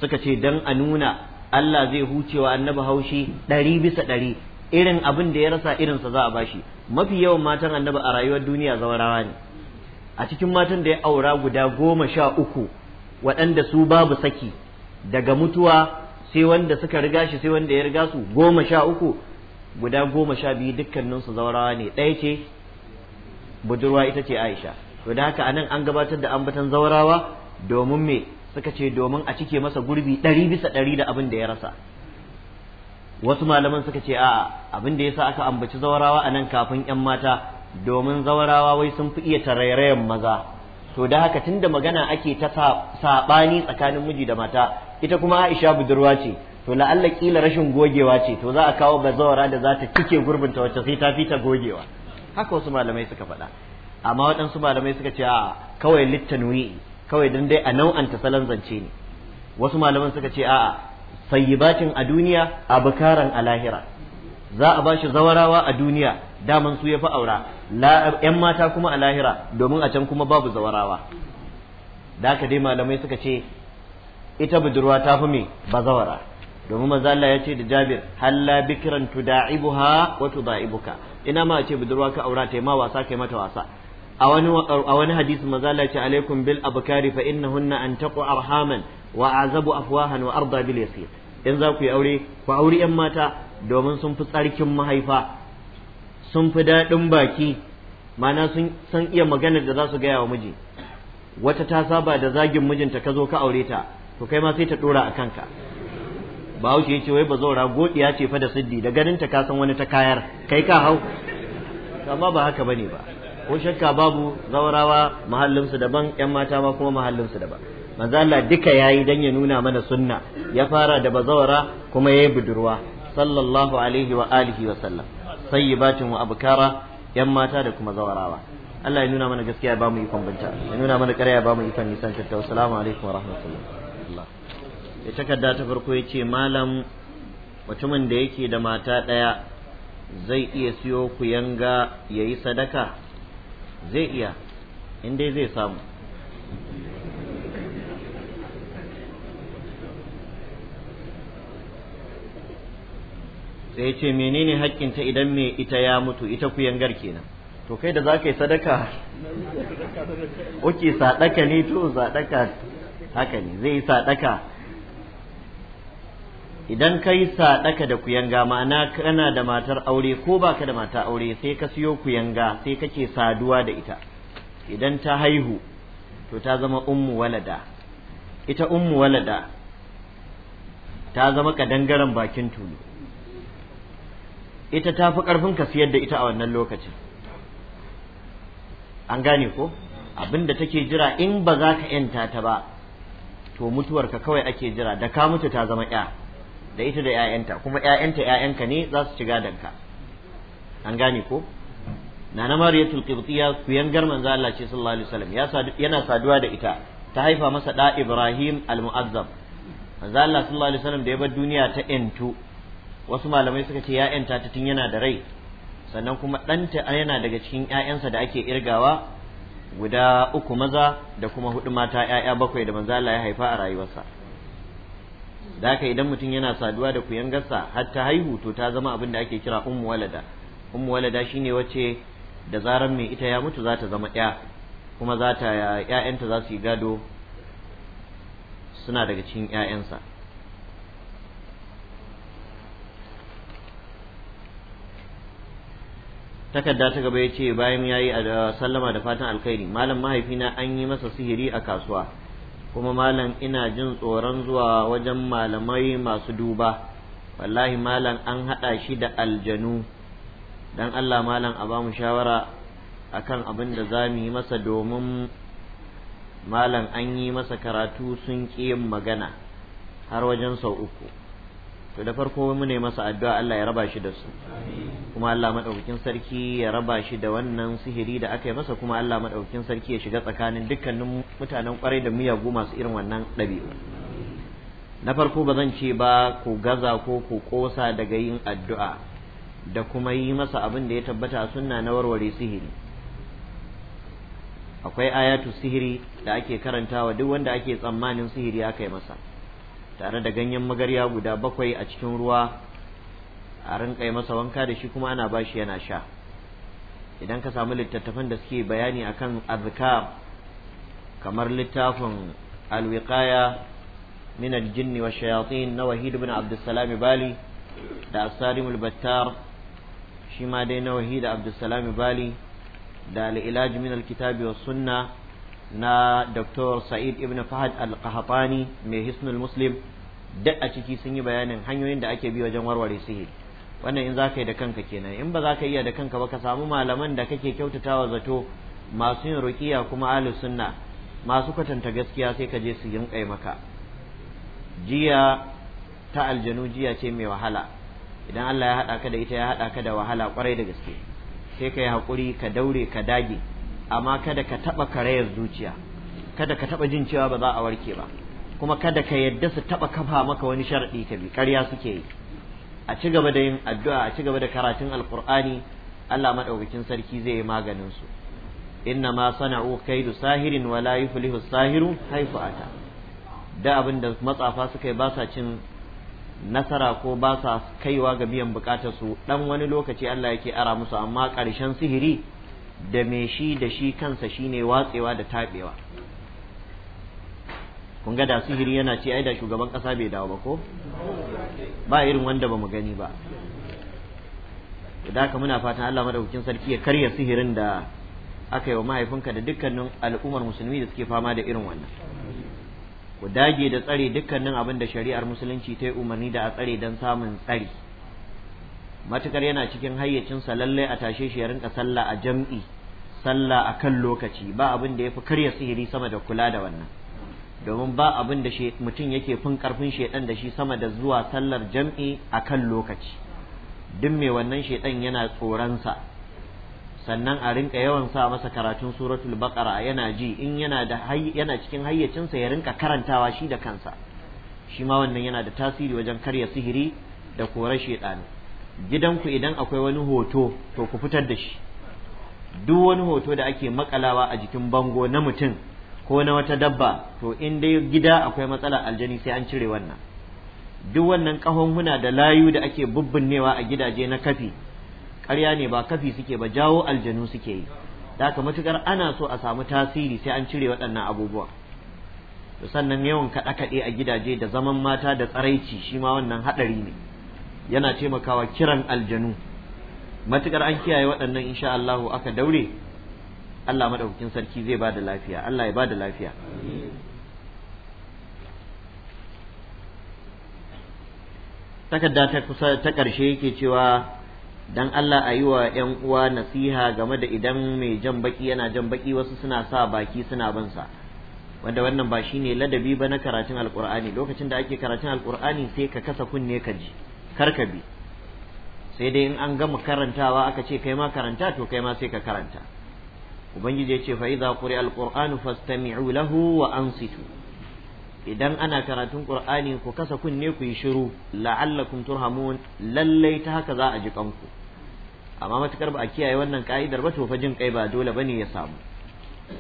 suka ce dan a nuna Allah zai hucewa annabi haushi ɗari bisa ɗari irin abin da ya rasa irinsa za a bashi mafi yawan matan annabi a rayuwar duniya zawarawa ne a cikin matan da ya aura guda goma sha uku waɗanda su babu saki daga mutuwa sai wanda suka riga shi sai wanda ya riga su goma sha uku guda goma sha biyu dukkaninsu zaurawa ne ɗaya ce budurwa ita ce aisha to da haka anan an gabatar da ambatan zaurawa domin me suka ce domin a cike masa gurbi ɗari bisa ɗari da abin da ya rasa wasu malaman suka ce a'a abin da yasa aka ambaci zaurawa anan kafin 'yan mata domin zaurawa wai sun fi iya tarairayan maza to da haka tunda magana ake ta saɓani tsakanin miji da mata ita kuma Aisha budurwa ce to la'alla kila rashin gogewa ce to za a kawo bazawara da za ta cike gurbinta wacce sai ta fita gogewa haka wasu malamai suka faɗa amma waɗansu malamai suka ce a kawai littanwi kawai dan dai a nau'an ta salon zance ne wasu malaman suka ce a sayyibatin a duniya a bakaran a lahira za a bashi zawarawa a duniya daman su ya fi aura yan mata kuma a lahira domin a can kuma babu zawarawa da aka dai malamai suka ce ita budurwa ta fi mai bazawara domin manzo Allah ya ce da Jabir halla da'ibu ha wa da'ibuka ina ma ce budurwa ka aura ta ma wasa kai mata wasa a wani hadisi manzo Allah ya ce alaikum bil abukari fa hunna an taqu arhaman wa azabu afwahan wa arda bil yasir in za ku yi aure ku auri yan mata domin sun fi tsarkin mahaifa sun fi daɗin baki mana sun san iya maganar da za su gaya wa miji wata ta saba da zagin mijinta ka zo ka aure ta to kai ma sai ta dora a kanka ba ya ce wai ba zaura godiya ce fa da siddi da ganin ta kasan wani ta kayar kai ka hau amma ba haka bane ba ko shakka babu zaurawa mahallinsu daban yan mata ma kuma mahallinsu daban manzo Allah duka yayi dan ya nuna mana sunna ya fara da bazawara kuma yayi budurwa sallallahu alaihi wa alihi wa sallam sayyibatin wa abkara yan mata da kuma zawarawa Allah ya nuna mana gaskiya ba mu yi kwambanta ya nuna mana ƙarya ba mu ikon san tattau assalamu alaikum wa rahmatullahi mai takarda ta farko ya ce malam mutumin da yake da mata ɗaya zai iya siyo kuyanga ya yi sadaka zai iya inda zai samu sai ya ce menene haƙƙinta idan mai ita ya mutu ita kuyangar kenan to kai da za ka yi sadaka *laughs* oke sadaka ne to sadaka haka ne zai yi sadaka idan ka yi saɗaka da kuyanga ma'ana kana da matar aure ko ba ka da mata aure sai ka siyo kuyanga sai kake saduwa da ita idan ta haihu to ta zama ummu walada ita ummu walada ta zama kadangaren bakin tulu ita ta fi ƙarfin ka siyar da ita a wannan lokacin an gane ko abinda take jira in ba za ka yanta ta ba to mutuwar ka kawai ake jira da ka mutu ta zama 'ya da ita da 'ya'yanta kuma 'ya'yanta 'ya'yanka ne za su ci ka an gane ko nana mariyatul qibtiyya kuyan garman za Allah ce sallallahu alaihi wasallam yana saduwa da ita ta haifa masa da Ibrahim al-mu'azzab manzo Allah sallallahu alaihi wasallam da ya bar duniya ta entu wasu malamai suka ce 'ya'yanta ta tun yana da rai sannan kuma ɗanta yana daga cikin 'ya'yansa da ake irgawa guda uku maza da kuma hudu mata ƴaƴa bakwai da manzo Allah ya haifa a rayuwarsa da idan mutum yana saduwa da kuyangarsa har ta haihu to ta zama abin da ake kira ummu walada ummu walada shine wacce da zaran mai ita ya mutu za ta zama ɗaya kuma za ta ƴaƴanta za su yi gado suna daga cikin ƴaƴansa takarda ta gaba ya ce bayan ya yi sallama da fatan alkhairi malam mahaifina an yi masa sihiri a kasuwa kuma malam ina jin tsoron zuwa wajen malamai masu duba wallahi malam an haɗa shi da aljanu dan Allah malam a ba mu shawara akan abin da za mu yi masa domin malam an yi masa karatu sun ƙi yin magana har wajen sau uku to da farko mu ne masa addu'a Allah ya raba shi da su kuma Allah madaukakin sarki ya raba shi da wannan sihiri da aka yi masa kuma Allah madaukakin sarki ya shiga tsakanin dukkanin mutanen kwarai da miyagu masu irin wannan ɗabi'u na farko ba zan ce ba ku gaza ko ku kosa daga yin addu'a da kuma yi masa abin da ya tabbata sunna na warware sihiri akwai ayatu sihiri da ake karantawa duk wanda ake tsammanin sihiri aka yi masa tare da ganyen magarya guda bakwai a cikin ruwa a rinka yi masa wanka da shi kuma ana ba shi yana sha idan ka samu littattafan da suke bayani akan azkar kamar littafin alwiqaya min aljinn wa shayatin na wahid ibn abdussalam bali da asarim battar shi ma dai na wahid abdussalam bali da alilaj min alkitabi was na Dr. Sa'id Ibn Fahad al qahatani mai Hisnul Muslim duk a ciki sun yi bayanin hanyoyin da ake bi wajen warware sihi. wannan in za ka yi da kanka kenan in ba za ka iya da kanka ba ka samu malaman da kake kyautatawa zato masu yin ruqiya kuma ahlus sunna masu kwatanta gaskiya sai ka je su yin kai maka jiya ta aljanu jiya ce mai wahala idan Allah ya haɗa ka da ita ya haɗa ka da wahala kwarai da gaske sai ka yi haƙuri ka daure ka dage amma kada ka taba karayar zuciya kada ka taba jin cewa ba za a warke ba kuma kada ka yadda su taba kafa maka wani sharadi ka bi ƙarya suke yi a ci gaba da yin addu'a a ci gaba da karatun alqur'ani Allah madaukakin sarki zai yi maganin su inna ma sana'u kaidu sahirin wa la yuflihu sahiru haifu ata da abin da matsafa suka yi ba sa cin nasara ko ba sa kaiwa ga biyan bukatar su dan wani lokaci Allah yake ara musu amma ƙarshen sihiri da me shi da shi kansa shine watsewa da tabewa kun ga da sihiri yana ce ai da shugaban ƙasa bai dawo ba ko ba irin wanda ba mu gani ba da muna fatan Allah madaukakin sarki ya karya sihirin da aka yi wa mahaifinka da dukkanin al'ummar musulmi da suke fama da irin wannan ku dage da tsare dukkanin abin da shari'ar musulunci ta yi umarni da a tsare don samun tsari matukar yana cikin hayyacinsa lallai a tashe shi ya rinka sallah a jam'i sallah a kan lokaci ba abin da ya fi karya sihiri sama da kula da wannan domin ba abin da mutum yake fin karfin shaidan da shi sama da zuwa sallar jam'i a kan lokaci duk mai wannan shaidan yana tsoronsa sannan a rinka yawan sa masa karatun suratul baqara yana ji in yana da yana cikin hayyacinsa ya rinka karantawa shi da kansa shi ma wannan yana da tasiri wajen karya sihiri da korar shaidanu gidanku idan akwai wani hoto to ku fitar da shi duk wani hoto da ake makalawa a jikin bango na mutum ko na wata dabba to in dai gida akwai matsala aljani sai an cire wannan duk wannan kahonhuna da layu da ake bubbunnewa a gidaje na kafi ƙarya ne ba kafi suke ba jawo aljanu suke yi daka matukar ana so a samu tasiri sai an cire waɗannan abubuwa sannan yawan kaɗe-kaɗe a gidaje da zaman mata da tsaraici shi ma wannan haɗari ne yana taimakawa kiran aljanu matukar an kiyaye waɗannan insha Allahu aka daure Allah madaukakin sarki zai bada da lafiya Allah ya ba lafiya takarda ta kusa ta ƙarshe yake cewa dan Allah a yi wa ‘yan uwa nasiha game da idan mai jan baki yana jan baki wasu suna sa baki suna bin sa wanda wannan ba shine ladabi ba na karatun alkur'ani lokacin da ake karatun alkur'ani sai ka kasa kunne ka ji karka bi sai dai in an gama karantawa aka ce kai ma karanta to kai ma sai ka karanta ubangiji ya ce fa idza quri'a alqur'anu fastami'u lahu wa ansitu idan ana karatun qur'ani ku kasa kunne ku yi shiru la'allakum turhamun lallai ta haka za a ji kanku amma matukar ba a kiyaye wannan ka'idar ba to fa jin kai ba dole bane ya samu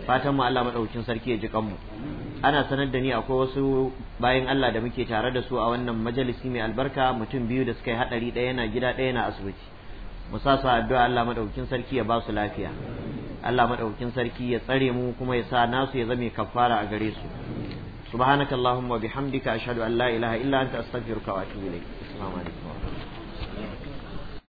fatan mu Allah madaukakin sarki ya ji kanmu ana sanar da ni akwai wasu bayan Allah da muke tare da su a wannan majalisi mai albarka mutum biyu da suka yi hadari ɗaya yana gida ɗaya yana asibiti mu sa su addu'a Allah madaukakin sarki ya ba su lafiya Allah madaukakin sarki ya tsare mu kuma ya sa nasu ya zame kafara a gare su subhanakallahumma bihamdika ashhadu an la ilaha illa anta astaghfiruka wa atubu ilaik assalamu alaikum